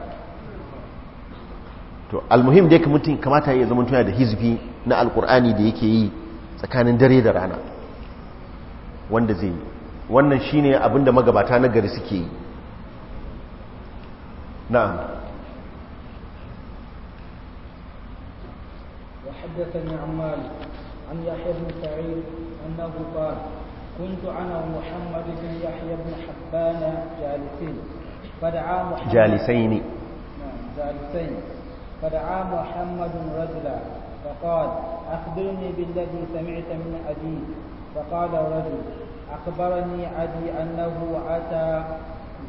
to almuhim da mutum kamata ya zama tuna da hizbi na alkur'ani da yake yi tsakanin dare da rana wanda zai yi wannan shine abin da magabata na gari suke yi na'am وحدثني عن مالك عن يحيى بن سعيد أنه قال كنت أنا ومحمد بن يحيى بن حبان جالسين فدعا محمد جالسين جالسين فدعا محمد رجلا فقال أخبرني بالذي سمعت من أبي فقال الرجل أخبرني أبي أنه أتى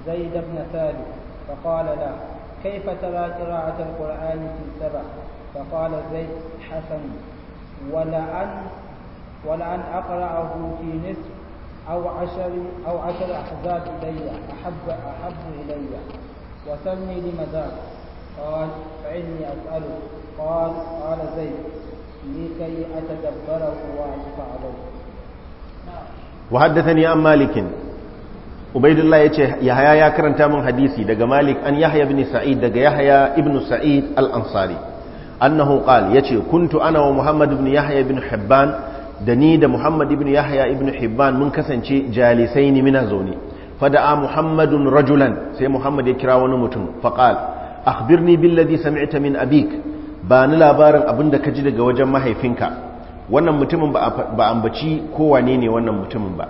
زيد بن ثابت فقال له كيف ترى قراءة القرآن في السبع فقال زيد حسن ولأن ولأن أقرأه في نصف أو عشر أو عشر أحزاب إلي أحب أحب إلي وسمي لماذا؟ قال فإني أسأله قال قال زيد لكي أتدبره وأعرف عليه وحدثني عن مالك عبيد الله يتي يحيى يا كرنتا من حديثي دجا مالك ان يحيى بن سعيد دجا يحيى ابن سعيد الانصاري انه قال يتي كنت انا ومحمد بن يحيى بن حبان da ni da muhammad ibn yahya ibn hibban mun kasance jalisai ne mina zaune fada'a muhammadun rajulan sai muhammad ya kira wani mutum faqal akhbirni billadhi sami'ta min abik ba ni labarin abinda ka ji daga wajen mahaifinka wannan mutumin ba ambaci ko wane ne wannan mutumin ba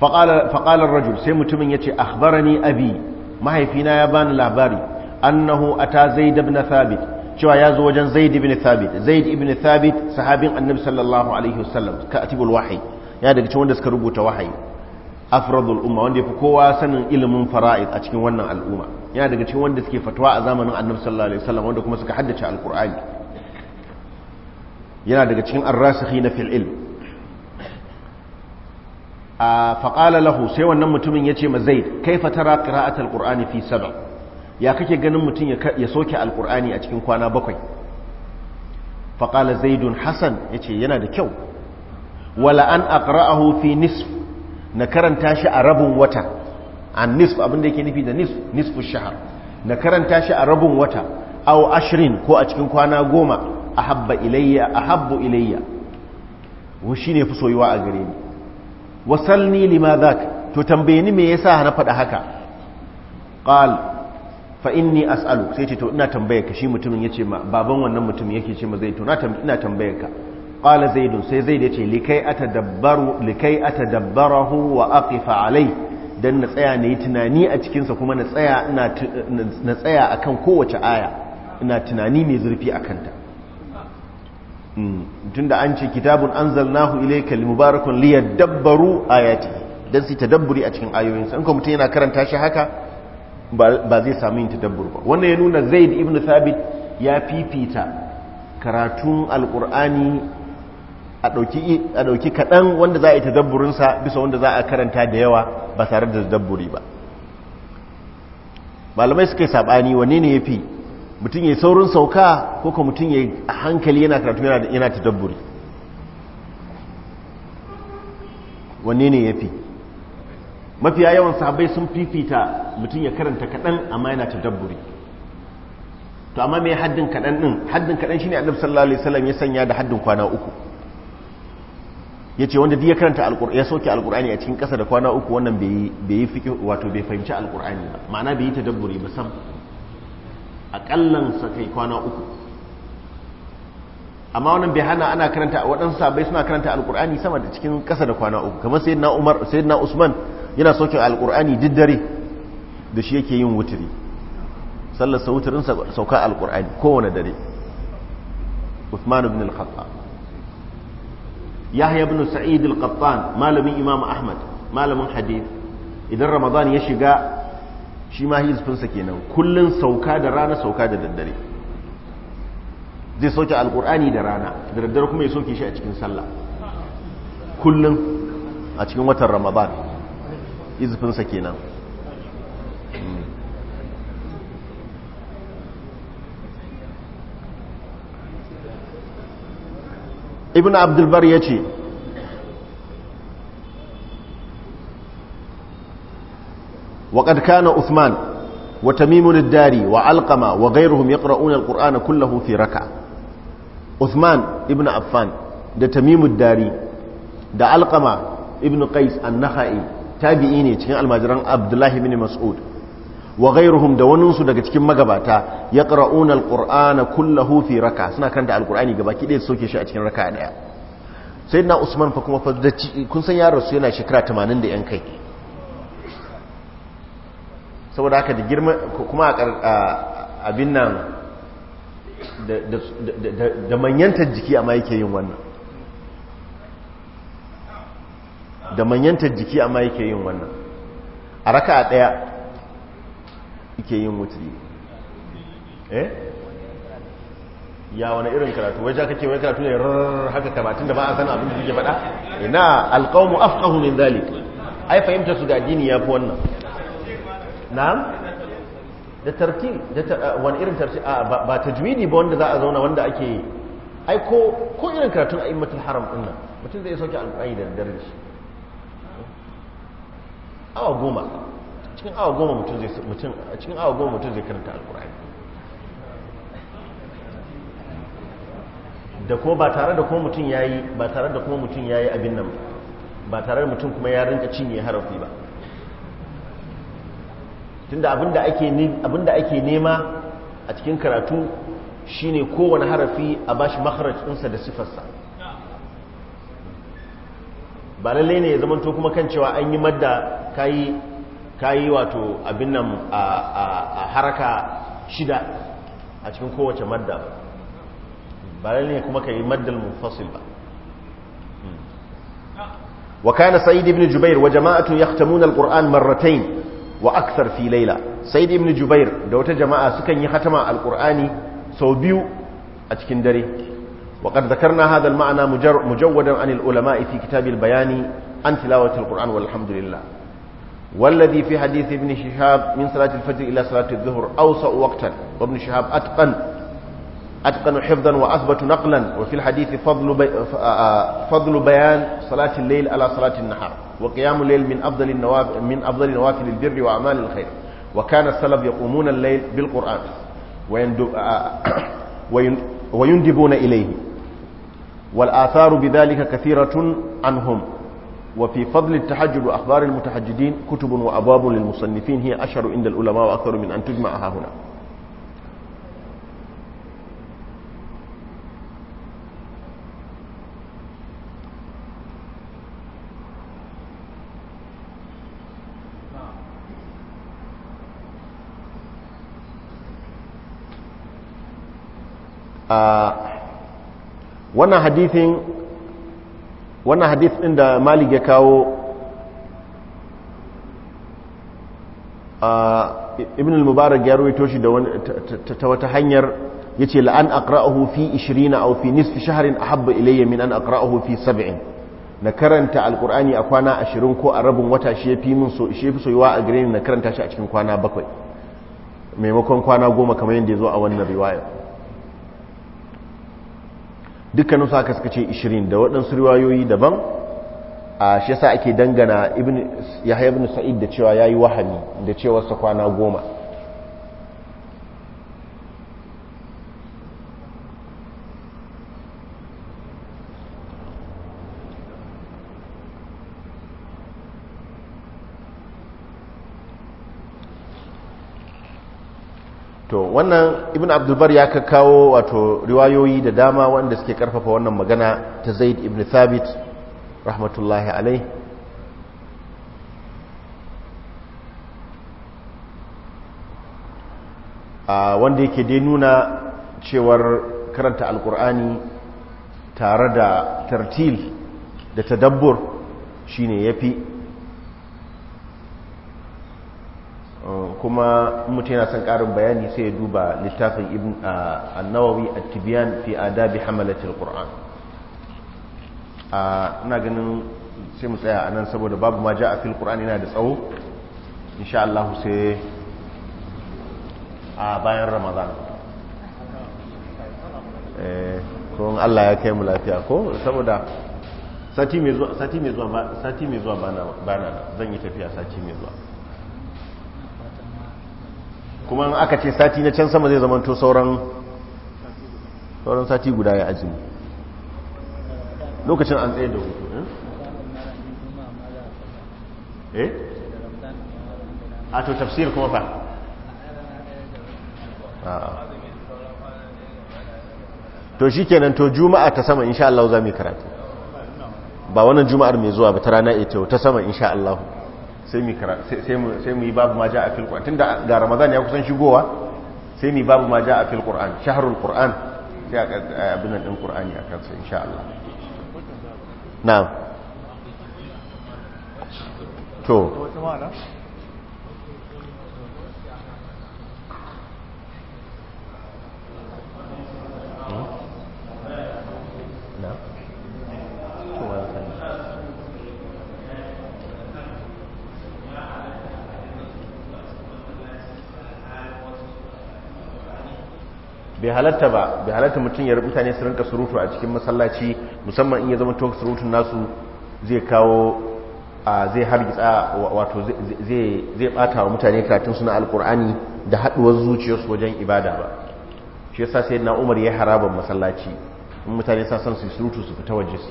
faqala rajul sai mutumin yace akhbarani abi mahaifina ya bani labari annahu ata zaid ibn thabit cewa ya zo wajen zaid ibn thabit zaid ibn thabit sahabin annabi sallallahu alaihi wasallam katibul wahyi ya daga cikin wanda suka rubuta wahayi afradul umma wanda yafi kowa sanin ilimin fara'id a cikin wannan al'umma ya daga cikin wanda suke fatwa a zamanin annabi sallallahu alaihi wasallam wanda kuma suka haddace alqur'ani yana daga cikin ar-rasikhina fil ilm a faqala lahu sai wannan mutumin yace ma zaid kaifa tara qira'atul qur'ani fi sab'a ya kake ganin mutum ya soke alkur'ani a cikin kwana bakwai faƙala zaidun hassan ya ce yana da kyau wala an aqra'ahu fi nisf na karanta shi a rabin wata an nisf abinda yake nufi da nisf nisfu shahar na karanta shi a rabin wata aw ashirin ko a cikin kwana goma ahabba ilayya ahabbu ilayya wa shine fi soyuwa a gare ni wasalni lima to tambaye ni me sa na faɗa haka qal fa inni as'alu sai ce to ina tambayar ka shi mutumin ce ma baban wannan mutum yake ce ma zai to ina tambayar ka qala zaidun sai zai dace likai atadabbaru likai wa aqifa alai don na tsaya na yi tunani a cikinsa kuma na tsaya a kan kowace aya ina tunani mai zurfi a kanta. Hmm, Tun da an ce kitabun anzalnahu ilayka limubarakun liyadabbaru ayati don su tadabburi a cikin ayoyinsa in ko mutum yana karanta shi haka ba zai samu yin tadabbur ba wannan ya nuna zaid ibn thabit ya fifita karatun alkur'ani a ɗauki kaɗan wanda za a yi tadabburinsa bisa wanda za a karanta da yawa ba tare da tadabburi ba malamai suka yi saɓani wanne ne ya fi mutum ya yi saurin sauka ko ka mutum ya hankali yana karatu yana tadabburi wanne ne ya fi mafiya yawan sahabbai sun fifita mutum ya karanta kaɗan amma yana tadabburi to amma mai haddin kaɗan ɗin haddin kaɗan shine annabi sallallahu alaihi wasallam ya sanya da haddin kwana uku ya ce wanda ya karanta alqur'ani ya soke alqur'ani a cikin ƙasa da kwana uku wannan bai yi fiƙi wato bai fahimci alqur'ani ba ma'ana bai yi tadabburi ba sam ƙallan sa kai kwana uku amma wannan bai hana ana karanta waɗansu sabai suna karanta alqur'ani sama da cikin ƙasa da kwana uku kamar sayyidina umar sayyidina usman yana sauke alkur'ani duk dare da shi yake yin wuturi sallar sa wuturin sauka alkur'ani kowane dare Uthman ibn al-Khattab Yahya ibn Sa'id al-Qattan malamin Imam Ahmad malamin hadith idan Ramadan ya shiga shi ma hizbin kenan kullun sauka da rana sauka da daddare zai sauke alkur'ani da rana da daddare kuma ya sauke shi a cikin sallah kullun a cikin watan Ramadan izifinsa kenan hmm. ibn abdulbar ya ce waƙad kana usman wa tamimun dari wa alkama wa gairuhu ya ƙura'un al-ƙura'ana kullahu usman ibn affan da tamimun dari da alkama ibn qais an-naha'i tabi'i ne cikin almajiran abdullahi bin mas'ud wa ghairuhum da su daga cikin magabata ya ƙara'una alƙur'ana kullahu fi raka suna kanta alƙur'ani gaba ki ɗaya soke shi a cikin raka ɗaya sai na usman fa kuma fa kun san yaro su yana shekara tamanin da yan kai saboda haka da girma kuma a abin nan da manyantar jiki amma yake yin wannan da manyantar jiki amma yake yin wannan a raka a ɗaya yake yin wuturi eh ya wani irin karatu wajen kake wani karatu ne rarrar haka karatun da ba a san abin da suke faɗa ina alƙawmu afqahu min zalik ai fahimta su ga addini ya fi wannan na'am da tarti wani irin tarti ba tajwidi ba wanda za a zauna wanda ake ai ko irin karatun a a'immatul haram din nan mutum zai soke alƙur'ani da shi. awa goma cikin awa goma mutum zai karanta alkur'ani da ko ba tare da kuma mutum ya yi ba tare da kuma mutum yayi abin nan ba tare da mutum kuma ya rinka cinye harafi ba tunda abinda ake nema a cikin karatu shine kowane harafi a bashi makharaj ɗinsa da sifarsa ba lalle ne ya zamanto kuma kan cewa an yi madda kayi wato abin nan a haraka shida a cikin kowace madda ba lalle ne kuma yi maddal munfasil ba hmm. wa kana sa'id ibn jubair wa jama'atun yahtamuna alquran marratayn wa akthar fi layla sa'id ibn jubair da wata jama'a sukan yi hatama alqurani sau biyu a cikin dare وقد ذكرنا هذا المعنى مجودا عن العلماء في كتاب البيان عن تلاوة القرآن والحمد لله والذي في حديث ابن شهاب من صلاة الفجر إلى صلاة الظهر أوسع وقتا وابن شهاب أتقن أتقن حفظا وأثبت نقلا وفي الحديث فضل, بي فضل بيان صلاة الليل على صلاة النهار وقيام الليل من أفضل النوافل, من أفضل نوافل البر وأعمال الخير وكان السلف يقومون الليل بالقرآن ويندبون إليه والآثار بذلك كثيرة عنهم وفي فضل التحجد وأخبار المتحجدين كتب وأبواب للمصنفين هي أشهر عند العلماء وأكثر من أن تجمعها هنا آه wannan hadithin wannan hadith ɗin da malik ya kawo ibn al-mubarak ya rawaito shi ta wata hanyar ya ce la'an akra'ahu fi 20 na fi nisfi a habba ilayya min an akra'ahu fi 70 na karanta alkur'ani a kwana 20 ko a rabin wata shi fi min so shi yafi soyuwa a gare ni na karanta shi a cikin kwana bakwai maimakon kwana goma kamar yadda ya zo a wannan riwayar dukkanin su haka suka ce 20 da waɗansu riwayoyi daban a shi yasa ake dangana ya haifin sa'id da cewa ya yi wahami da cewar sa kwana goma wannan ibn abdulbar ya kawo wato riwayoyi da dama wanda suke karfafa wannan magana ta zaid ibn thabit rahmatullahi alai wanda yake dai nuna cewar karanta alkur'ani tare da tartil da tadabbur shine yafi kuma mutum yana son ƙarin bayani sai ya duba littafin ibn annawawi at-tibyan fi adabi hamalatil qur'an ina ganin sai mu tsaya anan saboda babu ma a fil qur'an yana da tsawo insha Allah sai a bayan ramadan ko eh, Allah ya kai mu lafiya ko saboda sati mai zuwa sati mai zuwa bana zan yi tafiya sati mai zuwa kuma in aka ce sati na can sama zai zamanto sauran sauran sati guda ya azumi lokacin an tsaye da hutu eh, eh? a to tafsir kuma fa to shi kenan to juma'a ta sama insha Allah za mu karatu ba wannan juma'ar mai zuwa ba ta rana ita ta sama insha Allah sai mu yi babu ma ja a fil tun tunda ga ramadan ya kusan shigowa sai mu babu ma ja a fil qur'an shaharar qur'an sai a abin nan din ya kansa sa insha Allah na to bai halatta ba bai halatta mutum ya mutane su rinka surutu a cikin masallaci musamman in ya zama to surutun nasu zai kawo a zai hargitsa wato zai bata wa mutane karatun suna alkur'ani da haduwar zuciyarsu wajen ibada ba shi yasa sai na umar ya haraba masallaci in mutane sa son su surutu su fita waje su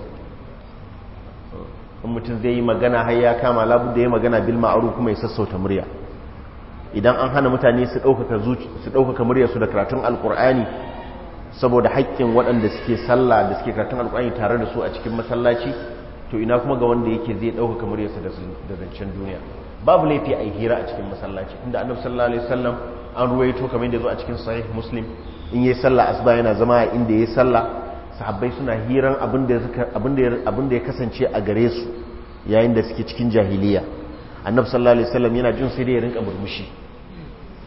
in mutum zai yi magana har ya kama labu da ya magana bil ma'ruf kuma ya sassauta murya idan an hana mutane su ɗaukaka muryarsu da karatun alkur'ani saboda haƙƙin waɗanda suke sallah da suke karatun alkur'ani tare da su a cikin masallaci to ina kuma ga wanda yake zai ɗaukaka muryarsa da zancen duniya babu laifi a hira a cikin masallaci inda annabi sallallahu alaihi wasallam an ruwaito kamar yadda zo a cikin sahih muslim in yayi sallah asuba yana zama a inda yayi sallah sahabbai suna hiran abin da ya kasance a gare su yayin da suke cikin jahiliya annabi sallallahu alaihi wasallam yana jin sai dai ya rinka murmushi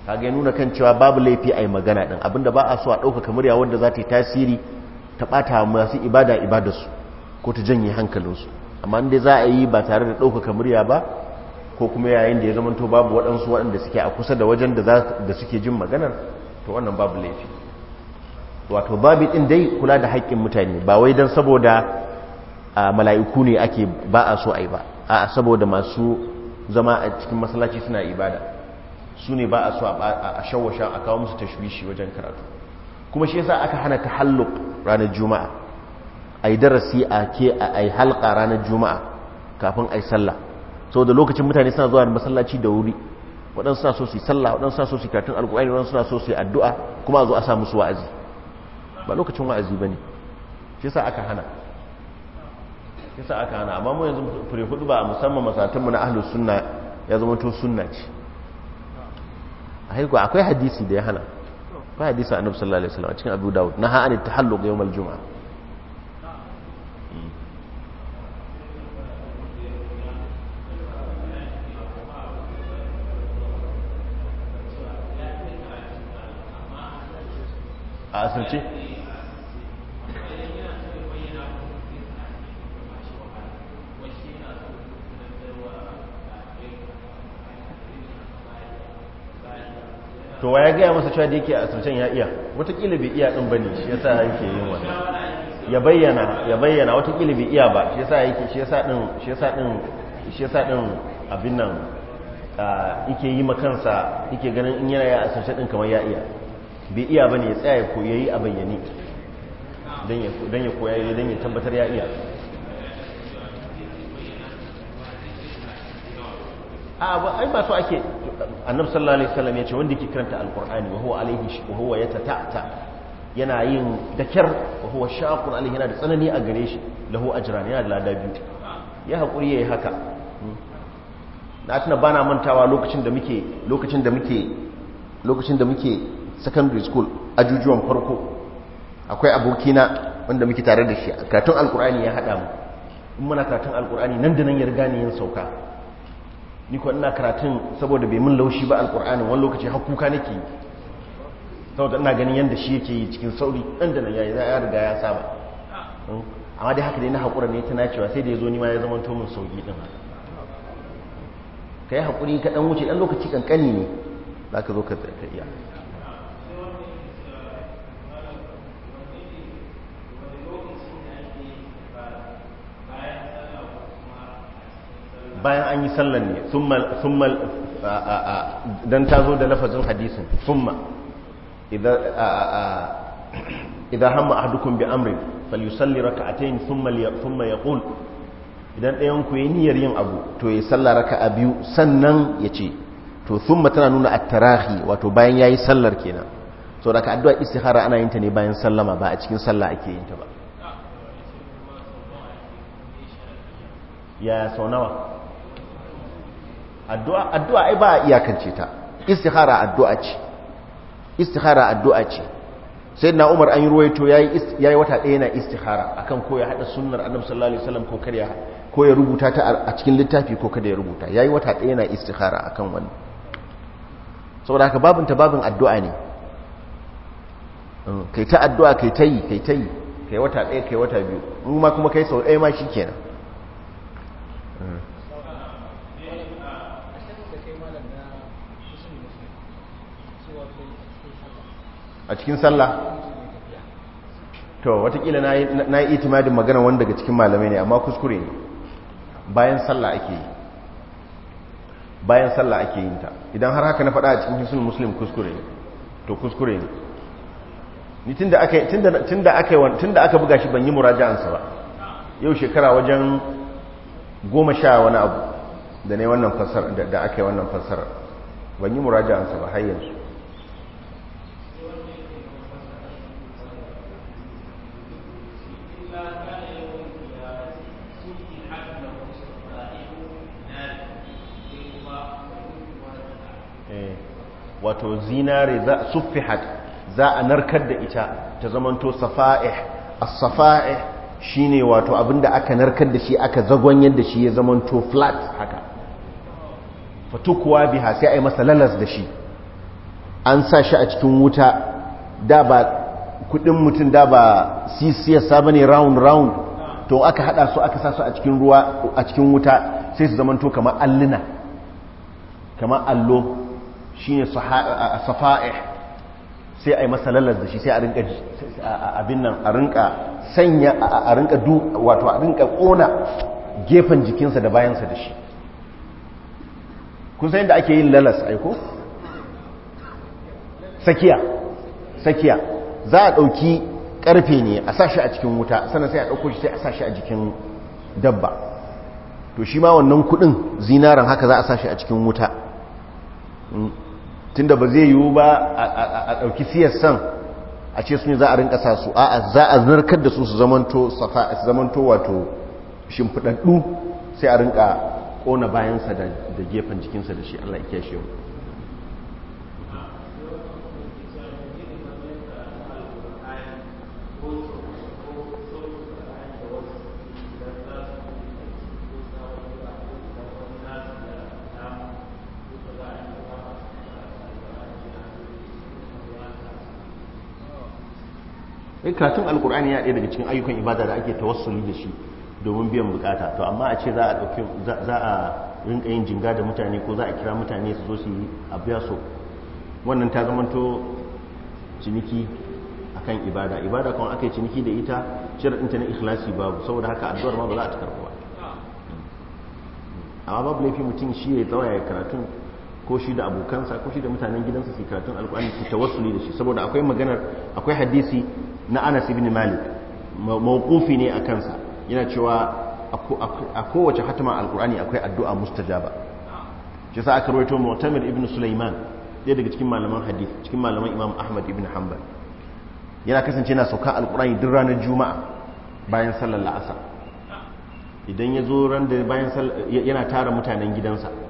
kaga ya nuna kan cewa babu laifi ai magana din abinda ba a so a dauka kamar ya wanda za ta yi tasiri ta bata masu ibada ibadarsu ko ta janye hankalinsu amma inda za a yi ba tare da dauka kamar ya ba ko kuma yayin da ya zama to babu waɗansu waɗanda suke a kusa da wajen da suke jin magana to wannan babu laifi wato babu ɗin dai kula da haƙƙin mutane ba wai dan saboda mala'iku ne ake ba a so a yi ba a saboda masu zama a cikin masallaci suna ibada su ne ba a so a shawasha a kawo musu tashwishi wajen karatu kuma shi yasa aka hana tahalluk ranar juma'a a yi darasi a ke a yi halka ranar juma'a kafin a yi sallah saboda lokacin mutane suna zuwa masallaci da wuri waɗansu suna so su yi sallah waɗansu suna so su yi karatun alƙur'ani waɗansu suna so su yi addu'a kuma a zo a sa musu wa'azi ba lokacin wa'azi ba ne shi yasa aka hana kisa aka hana amma mu yanzu fure hudu ba musamman masatunmu na ahlus sunna ya zama to sunna ce haiku akwai hadisi da ya hana akwai hadisi annabi sallallahu alaihi wasallam cikin abu daud na an tahalluq yawmal juma'a a asirce to wa ya gaya masa cewa da yake a asircen ya iya watakila bai iya ɗin ba ne shi yasa yake yin wannan ya bayyana ya bayyana watakila bai iya ba shi yasa yake shi yasa ɗin shi yasa ɗin shi yasa ɗin abin nan yake yi ma kansa yake ganin in yana ya asirce ɗin kamar ya iya bai iya ba ne ya tsaya ya koyayi a bayyane don ya koya don ya tabbatar ya iya a ai ba so ake annabi sallallahu alaihi wasallam ya ce wanda yake karanta alqur'ani wa huwa alaihi wa huwa yatata'ta yana yin dakar wa huwa shaqun alaihi yana da tsanani a gare shi lahu ajran yana da lada biyu ya hakuri yayi haka na tuna bana mantawa lokacin da muke lokacin da muke lokacin da muke secondary school ajujuwan farko akwai abokina wanda muke tare da shi karatun alqur'ani ya hada mu in muna karatun alqur'ani nan da nan ya riga ne yin sauka ni ko ina karatun saboda bai mun laushi ba alqur'anin wani lokaci har kuka nake yi saboda ina ganin yanda shi yake yi cikin sauri dan da nan yayi ya riga ya saba amma dai haka dai na hakura ne ta cewa sai da yazo ni ma ya zama to mun sauki din haka kai hakuri ka dan wuce dan lokaci kankani ne zaka zo ka iya bayan an yi sallan ne summa dan ta zo da lafazin hadisin summa idan hamma ahadukum bi amrin falyusalli raka'atayn thumma ya kun idan ɗayan ku yi niyyar yin abu to ya salla a biyu sannan ya ce to thumma tana nuna a tarahi wato bayan yayi sallar kenan to daga addu'a istihara ana yin ta ne bayan sallama ba a cikin sallah ake yin ta ba ya sau nawa addu'a addu'a ai ba a iyakance ta istikhara addu'a ce istikhara addu'a ce sai na umar an yi ruwaito ya yi wata ɗaya na istikhara akan ko ya haɗa sunnar annabi sallallahu alaihi wasallam ko kar ya ko ya rubuta ta a cikin littafi ko kada ya rubuta ya yi wata ɗaya na istikhara akan wannan saboda haka babin ta babin addu'a ne mm, kai ta addu'a kai ta yi kai ta yi kai wata ɗaya kai wata biyu mu ma kuma kai sau ɗaya ma shikenan mm. a cikin sallah to watakila na yi itimadin magana wanda daga cikin malamai ne amma kuskure ne bayan sallah ake yi bayan sallah ake yin ta idan har haka na faɗa a cikin sunan muslim kuskure ne to kuskure ne ni tunda aka tunda aka tunda aka buga shi ban yi muraja'ansa ba yau shekara wajen goma sha wani abu da ne wannan fassara da aka yi wannan fassara ban yi muraja'ansa ba har yanzu wato zinare za a suffihat za a narkar da ita ta zamanto safa'ih as-safa'ih shine wato abinda aka narkar da shi aka zagon yadda shi ya zamanto flat haka fatukuwa biha sai a yi masa lalas da shi an sa shi a cikin wuta da ba kudin mutum da ba sisiyarsa bane round round to aka hada su aka sa su a cikin ruwa a cikin wuta sai su zamanto kamar alluna kamar allo shine safa'ih sai a yi masa lalas da shi sai a rinka abin nan a rinka sanya a rinka du wato a rinka kona gefen jikinsa da bayansa da shi kun san yadda ake yin lalas aiko sakiya sakiya za a ɗauki ƙarfe ne a sashi a cikin wuta sannan sai a ɗauko shi sai a sashi a jikin dabba to shi ma wannan kuɗin zinaran haka za a sashi a cikin wuta tunda ba zai yiwu ba a ɗauki siyasan a ce su ne za a rinka sa su a za a zarkar da su su zamanto wato shimfiɗaɗɗu sai a rinka ƙona bayansa da gefen jikinsa da shi allah ya kyashe karatun alkur'ani ya ɗaya daga cikin ayyukan ibada da ake tawassuli da shi domin biyan bukata to amma a ce za a ɗauki za a rinka yin jinga da mutane ko za a kira mutane su zo su yi a biya so wannan ta zamanto ciniki akan ibada ibada kuma aka yi ciniki da ita shirin ta na ikhlasi babu saboda haka addu'ar ma ba za a ta karɓa amma babu laifi mutum shi ya tsawaya karatun ko shi da abokansa ko shi da mutanen gidansa su karatun alkur'ani su tawassuli da shi saboda akwai maganar akwai hadisi na Anas ibn Malik mawqufi ne a kansa yana cewa a kowace hatima alkur'ani akwai addu'a mustajaba shi yasa aka rawaito Mu'tamir ibn Sulaiman ɗaya daga cikin malaman hadisi cikin malaman Imam Ahmad ibn Hanbal yana kasance yana sauka alkur'ani duk ranar Juma'a bayan sallar la'asa idan ya zo ran da bayan yana tara mutanen gidansa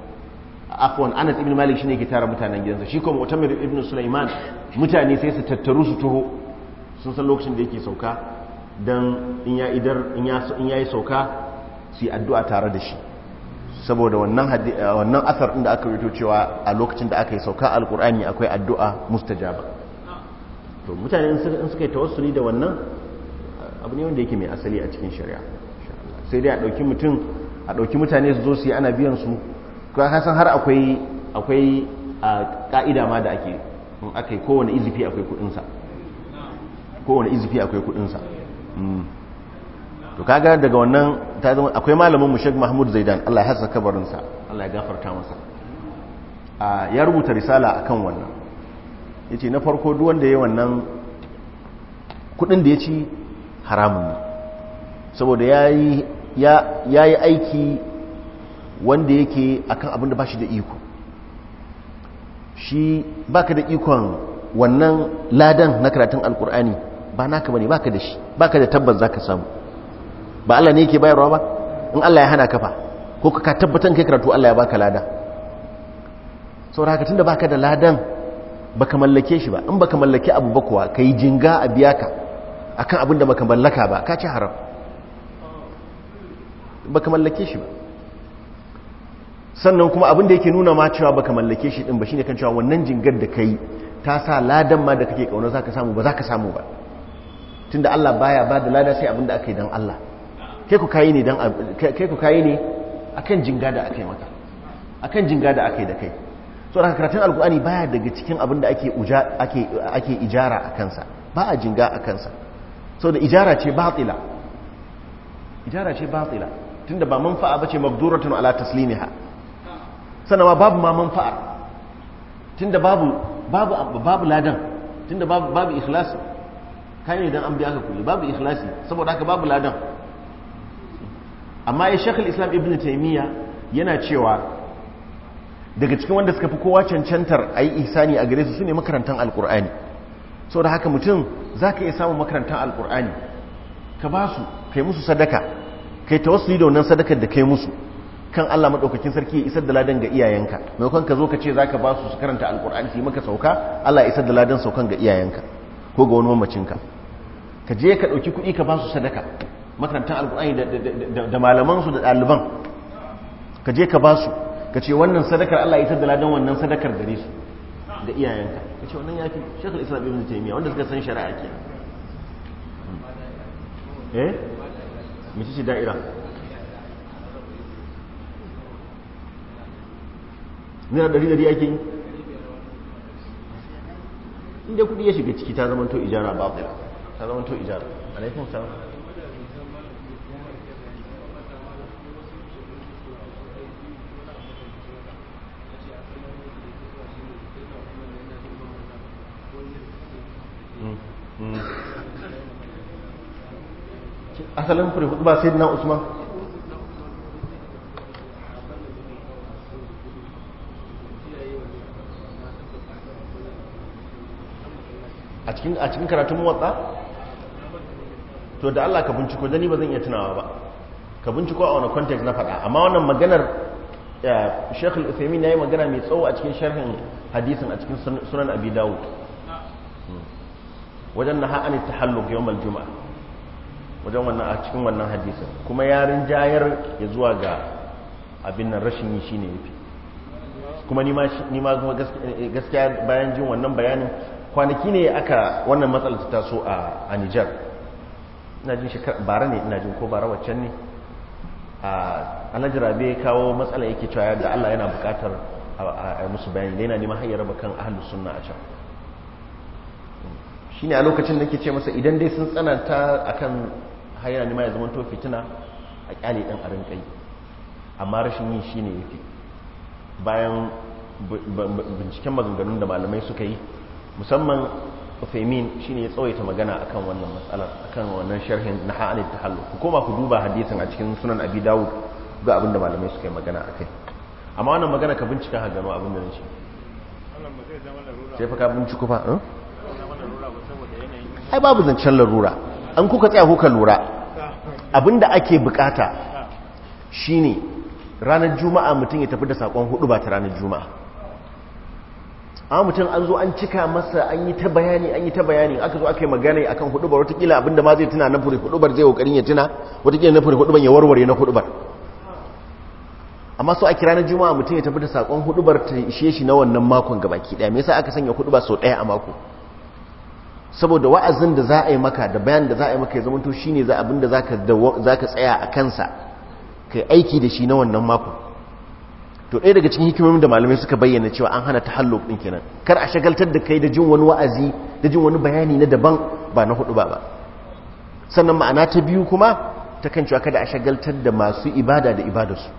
afwan anas ibn malik shine ke tara mutanen gidansa shi kuma mutamir ibn sulaiman mutane sai su tattaru su taho sun san lokacin da yake sauka dan in ya idar in ya yi sauka su yi addu'a tare da shi saboda wannan wannan asar din da aka rito cewa a lokacin da aka yi sauka alqur'ani akwai addu'a mustajaba to mutane in suka yi tawassuli da wannan abu ne wanda yake mai asali a cikin shari'a sai dai a dauki mutum a ɗauki mutane su zo su yi ana biyan su ka san har akwai akwai ka'ida ma da ake in aka yi kowane izifi akwai kudinsa kowane izifi akwai kudinsa mm. to kaga daga wannan ta zama akwai malamin mu Sheikh Mahmud Zaidan Allah ya hasa kabarinsa Allah ya gafarta masa ya rubuta risala akan wannan yace na farko duk wanda yayi wannan kudin da ya ci haramun ne saboda yayi ya yayi aiki wanda yake akan abin da ba shi da iko shi baka da ikon wannan ladan na karatun alkur'ani ba naka ba baka da shi baka da tabbas ka samu ba Allah ne yake bayarwa ba in Allah ya hana kafa ko ka tabbatan kai karatu Allah ya baka lada da ba baka da ladan ba ka mallake shi ba in ba ka mallake abu ba kuwa yi jinga a biya ka kan abin da ka mallaka ba ka ci haram ba ka mallake shi ba sannan kuma abin da yake nuna ma cewa baka mallake shi din ba shine kan cewa wannan jingar da kai ta sa ladan ma da kake kauna zaka samu ba zaka samu ba tunda Allah baya ba da lada sai abin da aka yi dan Allah kai ku kai ne dan kai ku kai ne akan jinga da aka yi maka akan jinga da aka yi da kai so da karatun alqurani baya daga cikin abin da ake uja ake ake ijara a kansa ba a jinga a kansa so da ijara ce batila ijara ce batila tunda ba manfa'a bace magduratun ala taslimiha Sanawa ma babu ma manfa'a tunda babu babu babu ladan tunda babu babu ikhlasi kan don an biya ka kulli babu ikhlasi saboda haka babu ladan amma ya shekul islam ibn taimiyya yana cewa daga cikin wanda suka fi kowa cancantar a yi ihsani a gare su su ne makarantar alkur'ani saboda haka mutum za ka iya samun makarantar alkur'ani ka ba su kai musu sadaka kai tawassuli da wannan sadakar da kai musu kan Allah madaukakin sarki ya isar da ladan ga iyayenka maimakon ka zo ka ce za ka ba su su karanta Alƙur'ani su yi maka sauka Allah ya isar da ladan saukan ga iyayenka ko ga wani mamacinka ka je ka dauki kuɗi ka ba su sadaka makarantar Alƙur'ani da malaman su da ɗaliban ka je ka ba su ka ce wannan sadakar Allah ya isar da ladan wannan sadakar gare su ga iyayenka ka ce wannan yafi shekul islam ibn taymiya wanda suka san shari'a kenan eh mace ce da'ira naira ɗari ɗari ake yi inda kudi ya shiga ciki ta zama to ijara ba ku ta zama to ijara a alaikum salam hmm. Hmm. asalin fure hudu ba sai na usman a cikin karatun watsa to da Allah ka binciko dani ba zan iya tunawa ba ka binciko a wani context na faɗa amma wannan maganar eh, Sheikh al ya yi magana mai tsawo a cikin sharhin hadisin a cikin sunan Abi Dawud hmm. wajen na ha'ani tahalluq yawm al-jum'a wajen wannan a cikin wannan hadisin kuma yarin jayar ya zuwa ga abin nan rashin yi shine yafi kuma ni ma gaskiya bayan jin wannan bayanin kwanaki ne aka wannan matsala ta taso a Nijar ina jin shekara bara ne ina jin ko bara waccan ne a Alhaji bai kawo matsala yake cewa da Allah yana bukatar a musu bayani da yana neman hanyar raba kan ahlus sunna a can Shi ne a lokacin da ke ce masa idan dai sun tsananta akan hanyar nima ya zama to fitina a kyale ɗan a rinkai amma rashin yi shi shine yake bayan binciken maganganun da malamai suka yi musamman shi ne ya tsawaita magana a kan wannan matsalar a kan wannan sharhin na ta hallo ku koma ku duba hadisin a cikin sunan Abi Dawud ga da malamai suka yi magana akai amma wannan magana ka bincika ha gano nan nace sai fa ka binciko fa eh? ai babu zancen larura an kuka tsaya kuka lura Abin da ake bukata shine ranar juma'a mutum ya tafi da sakon hudu ba ta ranar juma'a a mutum an zo an cika masa an yi ta bayani an yi ta bayani aka zo aka yi magana a kan hudubar watakila abinda ma zai tuna na furi hudubar zai kokarin ya tuna watakila na furi hudubar ya warware na hudubar amma so a kira na juma'a mutum ya tafi da sakon hudubar ta ishe shi na wannan makon gabaki daya me yasa aka sanya hudubar sau daya a mako saboda wa'azin da za a yi maka da bayan da za a yi maka ya zama to shine za abinda zaka zaka tsaya a kansa kai aiki da shi na wannan makon. to ɗaya daga cikin hikimomin da malamai suka bayyana cewa an hana hallo ɗin kenan kar a shagaltar da kai da jin wani wa'azi da jin wani bayani na daban ba na hudu ba ba sannan ma'ana ta biyu kuma ta kan cewa kada a shagaltar da masu ibada da ibadarsu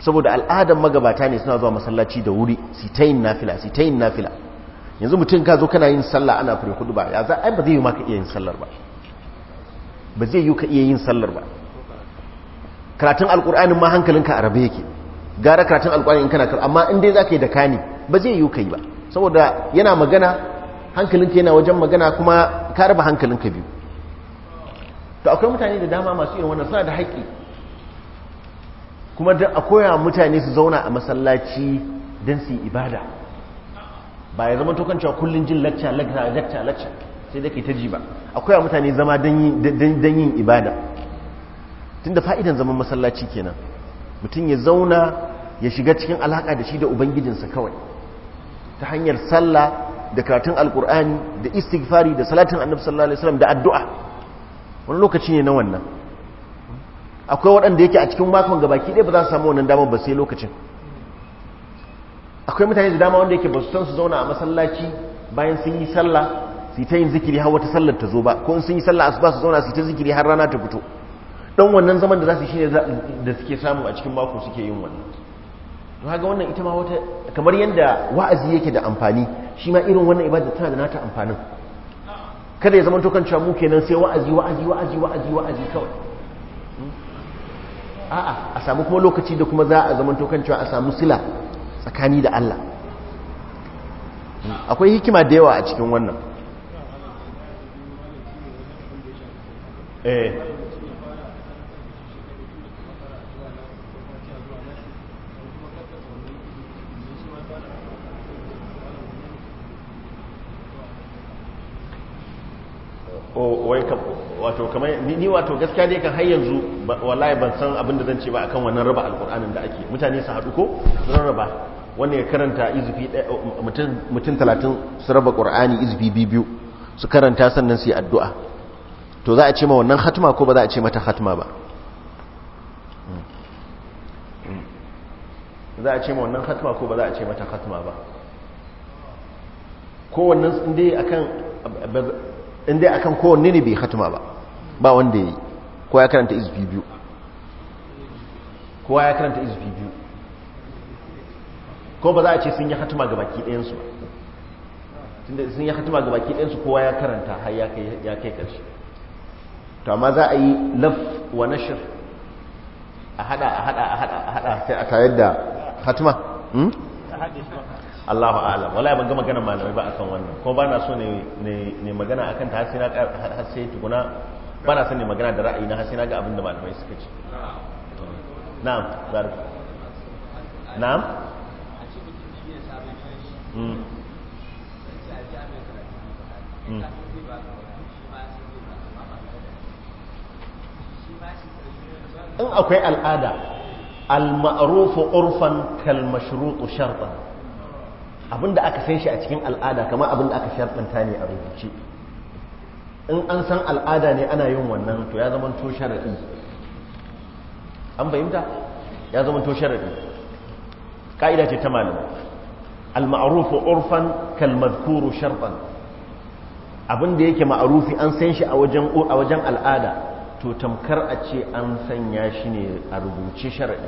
saboda al'adar magabata ne suna zuwa masallaci da wuri sitayin nafila sitayin nafila yanzu mutum ka zo kana yin sallah ana fure hudu ba ya za a ba zai yi ma ka iya yin sallar ba ba zai yi ka iya yin sallar ba karatun alkur'anin ma hankalinka a rabe yake gara karatun alkur'ani in kana karatu. amma in dai zaka yi da kani ba zai yi kai ba saboda yana magana hankalinka yana wajen magana kuma ka raba hankalinka biyu to akwai mutane da dama masu yin wannan suna da haƙƙi kuma da a mutane su zauna a masallaci don su yi ibada ba ya zama tokan cewa kullum jin lacca lacca lacca sai da ke ta ji ba Akwai mutane zama don yin ibada tun da fa'idan zaman masallaci kenan mutum ya zauna ya shiga cikin alaƙa da shi da ubangijinsa kawai ta hanyar sallah da karatun Alƙur'ani da istighfari da salatin annabi sallallahu alaihi wasallam da addu'a wani lokaci ne na wannan akwai waɗanda yake a cikin makon gabaki ɗaya ba za su samu wannan damar ba sai lokacin akwai mutane da dama wanda yake ba su san su zauna a masallaci bayan sun yi sallah su yi ta yin zikiri har wata sallar ta zo ba ko sun yi sallah asuba su zauna su yi ta zikiri har rana ta fito Don wannan zaman da za su shine da suke samu a cikin mako suke yin wannan to haka wannan ita ma wata kamar yadda wa'azi yake da amfani shi ma irin wannan ibada tana da nata amfanin kada ya zama to kan muke kenan sai wa'azi wa'azi wa'azi wa'azi wa'azi kawai a'a a samu kuma lokaci da kuma za a zama to kan a samu sila tsakani da Allah akwai hikima da yawa a cikin wannan eh wato kamar ni wato gaskiya dai kan har yanzu wallahi ban san abin da zan ce ba akan wannan raba alkur'anin da ake mutane su haɗu ko zan raba wannan ya karanta izufi mutum talatin su raba ƙur'ani izufi biyu su karanta sannan su yi addu'a to za a ce ma wannan hatima ko ba za a ce mata hatima ba hmm. za a ce ma wannan hatma ko ba za a ce mata hatma ba kowannen dai akan in dai akan kowanne ne bai hatima ba ba wanda ya yi ko ya karanta izbi biyu kowa ya karanta izbi biyu ko ba za a ce sun yi hatima ga baki ɗayansu ba tunda sun yi hatima ga baki ɗayansu kowa ya karanta har ya kai karshe. to amma za a yi laf wa nashr a hada a hada a hada a hada sai a tayar da khatma Allahu a'lam wallahi ban ga magana malamai ba akan wannan ko ba na so ne ne magana akan ta sai na har sai tukuna ba na son ne magana da ra'ayi na har sai na ga abin da malamai suka ce na'am zar na'am hmm. Hmm. in akwai al'ada al-ma'rufu urfan kal mashrutu shartan da aka san shi a cikin al'ada kamar da aka sharɗanta ne a rubuce in an san al'ada ne ana yin wannan to ya zama to sharaɗi an fahimta ya zama to sharaɗi ka'ida ce ta malama al-ma'rufu urfan kal madhkuru shartan abinda yake ma'arufi an san shi a wajen a wajen al'ada to tamkar a ce an sanya shi ne a rubuce sharaɗi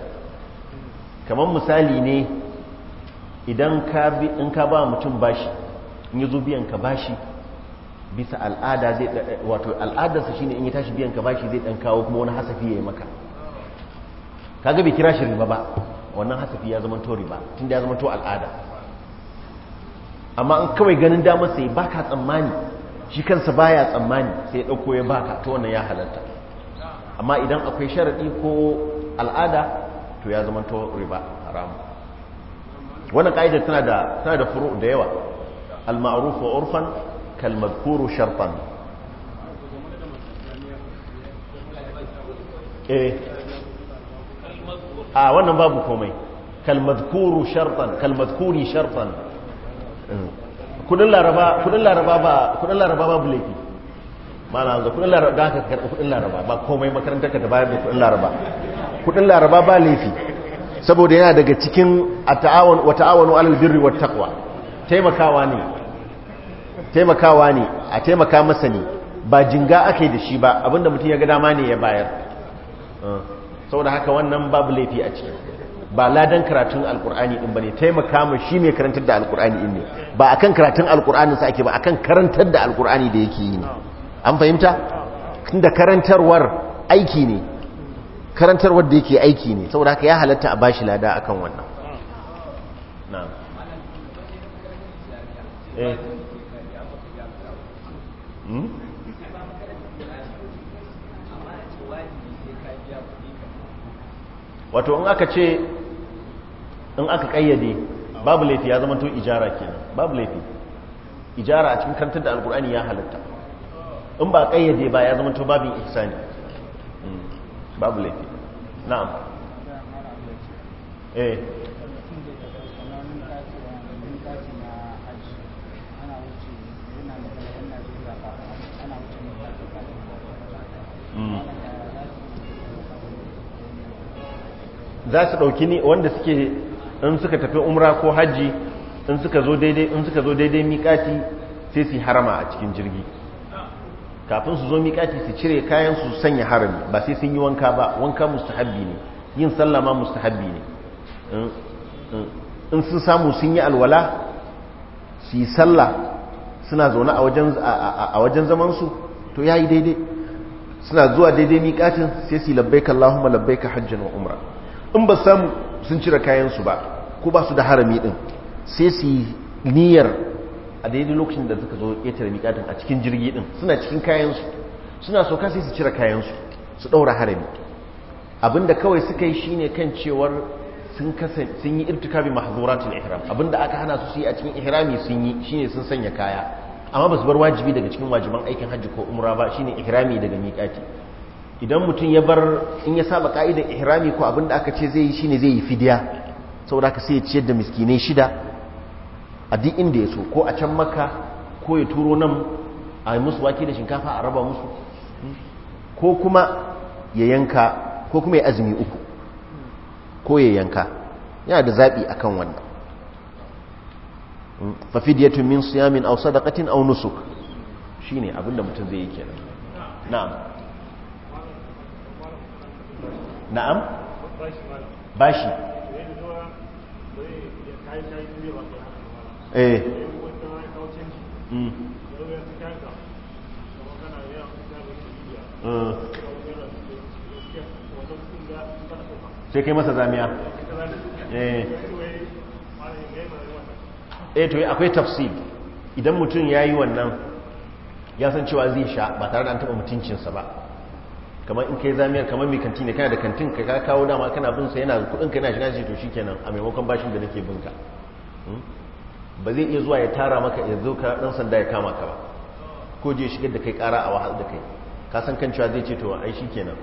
kamar misali ne idan ka ba mutum bashi in yi zo biyan ka bashi bisa al'ada zai wato al'adarsa shine in ya tashi biyan ka bashi zai dan kawo kuma wani hasafi ya yi maka ka bai kira shi riba ba wannan hasafi ya zama to riba da ya zama to al'ada amma in kawai ganin damar sai baka tsammani shi kansa baya tsammani sai ya dauko ya baka to wannan ya halarta amma idan akwai sharadi ko al'ada to ya zama to riba haramu wannan ka'idar tana da tana da furu da yawa al-ma'ruf wa urfan kal madhkur sharfan eh a ah, wannan babu komai kal madhkur sharfan kal madhkuri sharfan eh. kudin laraba kudin laraba ba kudin laraba babu laifi mana da kudin laraba da ka karɓi kudin laraba ba komai makarantar ka ta bayar da kudin laraba kudin laraba ba laifi saboda yana daga cikin wa ta'awanu alal birri taƙwa, taimakawa ne taimakawa ne a taimaka masa ne ba jinga ake da shi ba abinda mutum ya ga dama ne ya bayar ah. saboda haka wannan babu laifi a cikin ba ladan karatun alkur'ani din ne taimaka mu shi mai karantar da alkur'ani din ne ba akan karatun alkur'anin sa ake ba akan karantar da alkur'ani da yake yi ne an fahimta tunda karantarwar aiki ne karantar wadda yake aiki ne saboda haka ya halatta a bashi lada akan wannan eh. hmm? wato in aka ce in aka kayyade babu laifi ya zama to ijara kenan babu laifi ijara a cikin kantar da alkur'ani ya halatta in ba kayyade ba ya zama to babin ihsani babu na'am eh hmm. za su ɗauki ni wanda suke in suka tafi umra ko hajji in suka zo daidai in suka zo daidai miƙati sai su harama a cikin jirgi kafin su zo miƙati su cire kayan su sanya harami ba sai sun yi wanka ba wanka mustahabbi ne yin sallah ma mustahabbi ne in sun samu sun yi alwala su yi sallah suna zaune a wajen zamansu to ya yi daidai suna zuwa daidai miƙatin sai su labbaika Allahumma labbaika hajjan wa umra in ba samu sun cire kayansu ba ko ba su da harami din. sai su niyyar a daidai lokacin da suka zo ƙetare miƙatin a cikin jirgi ɗin suna cikin kayansu suna sauka sai su cire kayansu su ɗaura harami abinda kawai suka yi shi ne kan cewar sun sun yi irtikabi mahzuratul ihram abinda aka hana su su yi a cikin ihrami sun yi shi ne sun sanya kaya amma ba su bar wajibi daga cikin wajiban aikin hajji ko umra ba shi ne ihrami daga miƙati idan mutum ya bar in ya saba ka'idar ihrami ko abinda aka ce zai yi shi ne zai yi fidiya saboda aka sai ya ciyar da miskinai shida a duk inda ya so ko a can maka ko ya turo nan a yi musu wake da shinkafa a raba musu ko kuma ya yanka ko kuma ya azumi uku ko ya yanka yana da zaɓi a kan wannan hmm. fafidiyatun min siyamin au sadakatin au nusuk shi ne abinda mutum zai yi kenan na'am na'am bashi bashi eh mm. sai kai masa zamiya eh. eh to akwai tafsir idan mutum ya yi wannan ya san cewa zai sha ba tare da an taba mutuncinsa ba kamar in kai zamiyar kamar mai kantin ne kana da kantin ka kawo dama kana binsa yana kudinka yana shiga shi to shi kenan a maimakon bashin da nake binka hmm? ba zai iya zuwa ya tara maka ya zo ka dan sanda ya kama ka ba ko je shigar da kai kara a wahal da kai ka san kan cewa zai ce to ai shikenan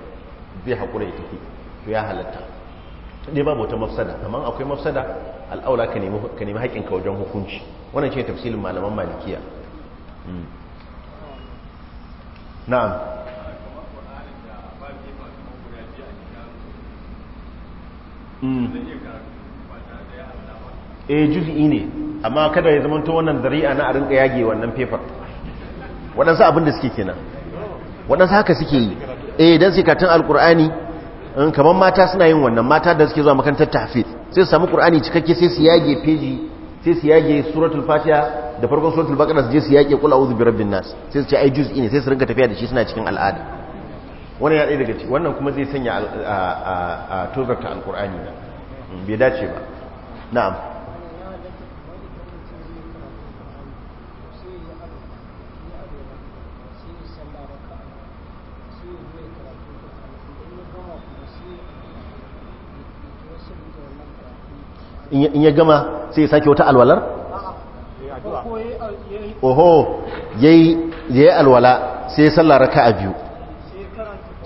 zai hakura ya tafi to ya halatta dai babu wata mafsada amma akwai mafsada al'aula ka nemi ka haƙin ka wajen hukunci wannan ce tafsilin malaman malikiya hmm. na'am Mm. a eh, juz'i ne amma kada ya zama to wannan zari'a na a rinka yage wannan paper waɗansu abin da suke kenan waɗansu haka suke yi eh dan sikatun alkur'ani in kamar mata suna yin wannan mata da suke zuwa makantar tahfiz sai su samu qur'ani cikakke sai su yage peji sai su yage suratul fatiha da farkon suratul baqara su je su yage qul a'udhu rabbin nas sai su ce ai juz'i ne sai su rinka tafiya da shi suna cikin al'ada wannan ya daga ciki wannan kuma zai sanya a tozarta alkur'ani na bai dace ba na'am in ya gama sai ya sake wata alwalar oho ya yi alwala sai ya salla raka a biyu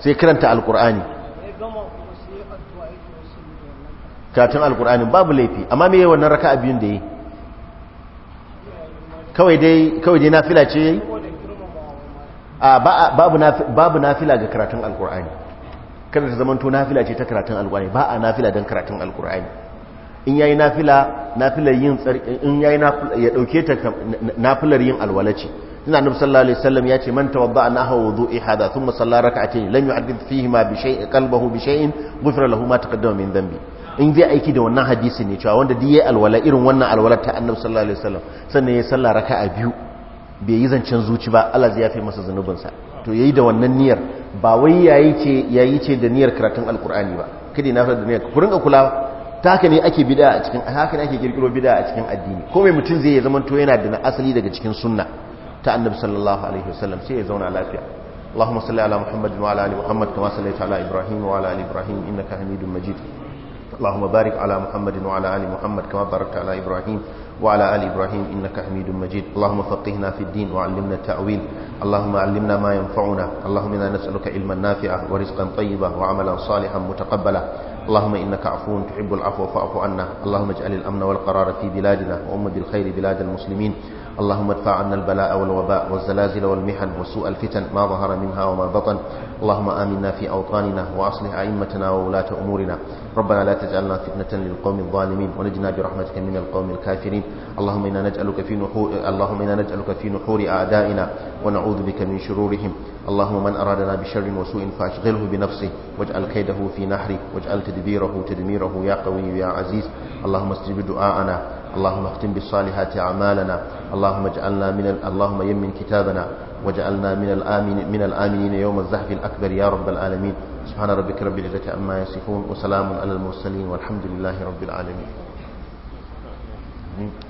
sai karanta alkur'ani karatun alkur'ani babu laifi amma me yayi wannan a biyun da yi kawai dai na fila nafila ce yayi a babu na fila ga karatun alkur'ani kada ta zamanto fila ce ta karatun alkur'ani ba a na fila don karatun alkur'ani in yayi nafila nafilar yin in yayi ya dauke ta nafilar yin alwalaci ce ina annabi sallallahu alaihi wasallam ya ce man tawadda'a nahu wudu'i hada thumma salla rak'atayn lam yu'addith fihi ma bi shay'i qalbuhu bi shay'in ghufira lahu ma taqaddama min dhanbi in zai aiki da wannan hadisi ne cewa wanda duk yayi alwala irin wannan alwala ta annabi sallallahu alaihi wasallam sannan ya salla raka'a biyu bai yi zancen zuci ba Allah zai yafe masa zanubinsa to yayi da wannan niyyar ba wai yayi ce yayi ce da niyyar karatun alqur'ani ba kidi na fara da niyyar ku ringa kula haka ne ake bid'a a cikin haka ne ake girgiro bid'a a cikin addini ko mutum mutun zai zama to yana da asali daga cikin sunna ta annabi sallallahu alaihi wasallam sai ya zauna lafiya Allahumma salli ala Muhammad wa ala ali Muhammad kama sallaita ala Ibrahim wa ala ali Ibrahim innaka Hamidum Majid Allahumma barik ala Muhammad wa ala ali Muhammad kama barakta ala Ibrahim wa ala ali Ibrahim innaka Hamidum Majid Allahumma faqihna fid din wa 'allimna ta'wil Allahumma 'allimna ma yanfa'una Allahumma inna nas'aluka ilman nafi'a wa rizqan tayyiban wa 'amalan salihan mutaqabbala اللهم إنك عفو تحب العفو فاعف عنا اللهم اجعل الأمن والقرار في بلادنا وأم بالخير بلاد المسلمين اللهم ادفع عنا البلاء والوباء والزلازل والمحن وسوء الفتن ما ظهر منها وما بطن اللهم آمنا في أوطاننا وأصلح أئمتنا وولاة أمورنا ربنا لا تجعلنا فتنة للقوم الظالمين ونجنا برحمتك من القوم الكافرين اللهم إنا نجعلك في نحور اللهم إنا نجعلك في نحور أعدائنا ونعوذ بك من شرورهم اللهم من أرادنا بشر وسوء فأشغله بنفسه واجعل كيده في نحره واجعل تدبيره تدميره يا قوي يا عزيز اللهم استجب دعاءنا اللهم اختم بالصالحات أعمالنا اللهم اجعلنا من ال... اللهم يمن كتابنا واجعلنا من الآمن من الآمنين يوم الزحف الأكبر يا رب العالمين سبحان ربك رب العزة عما يصفون وسلام على المرسلين والحمد لله رب العالمين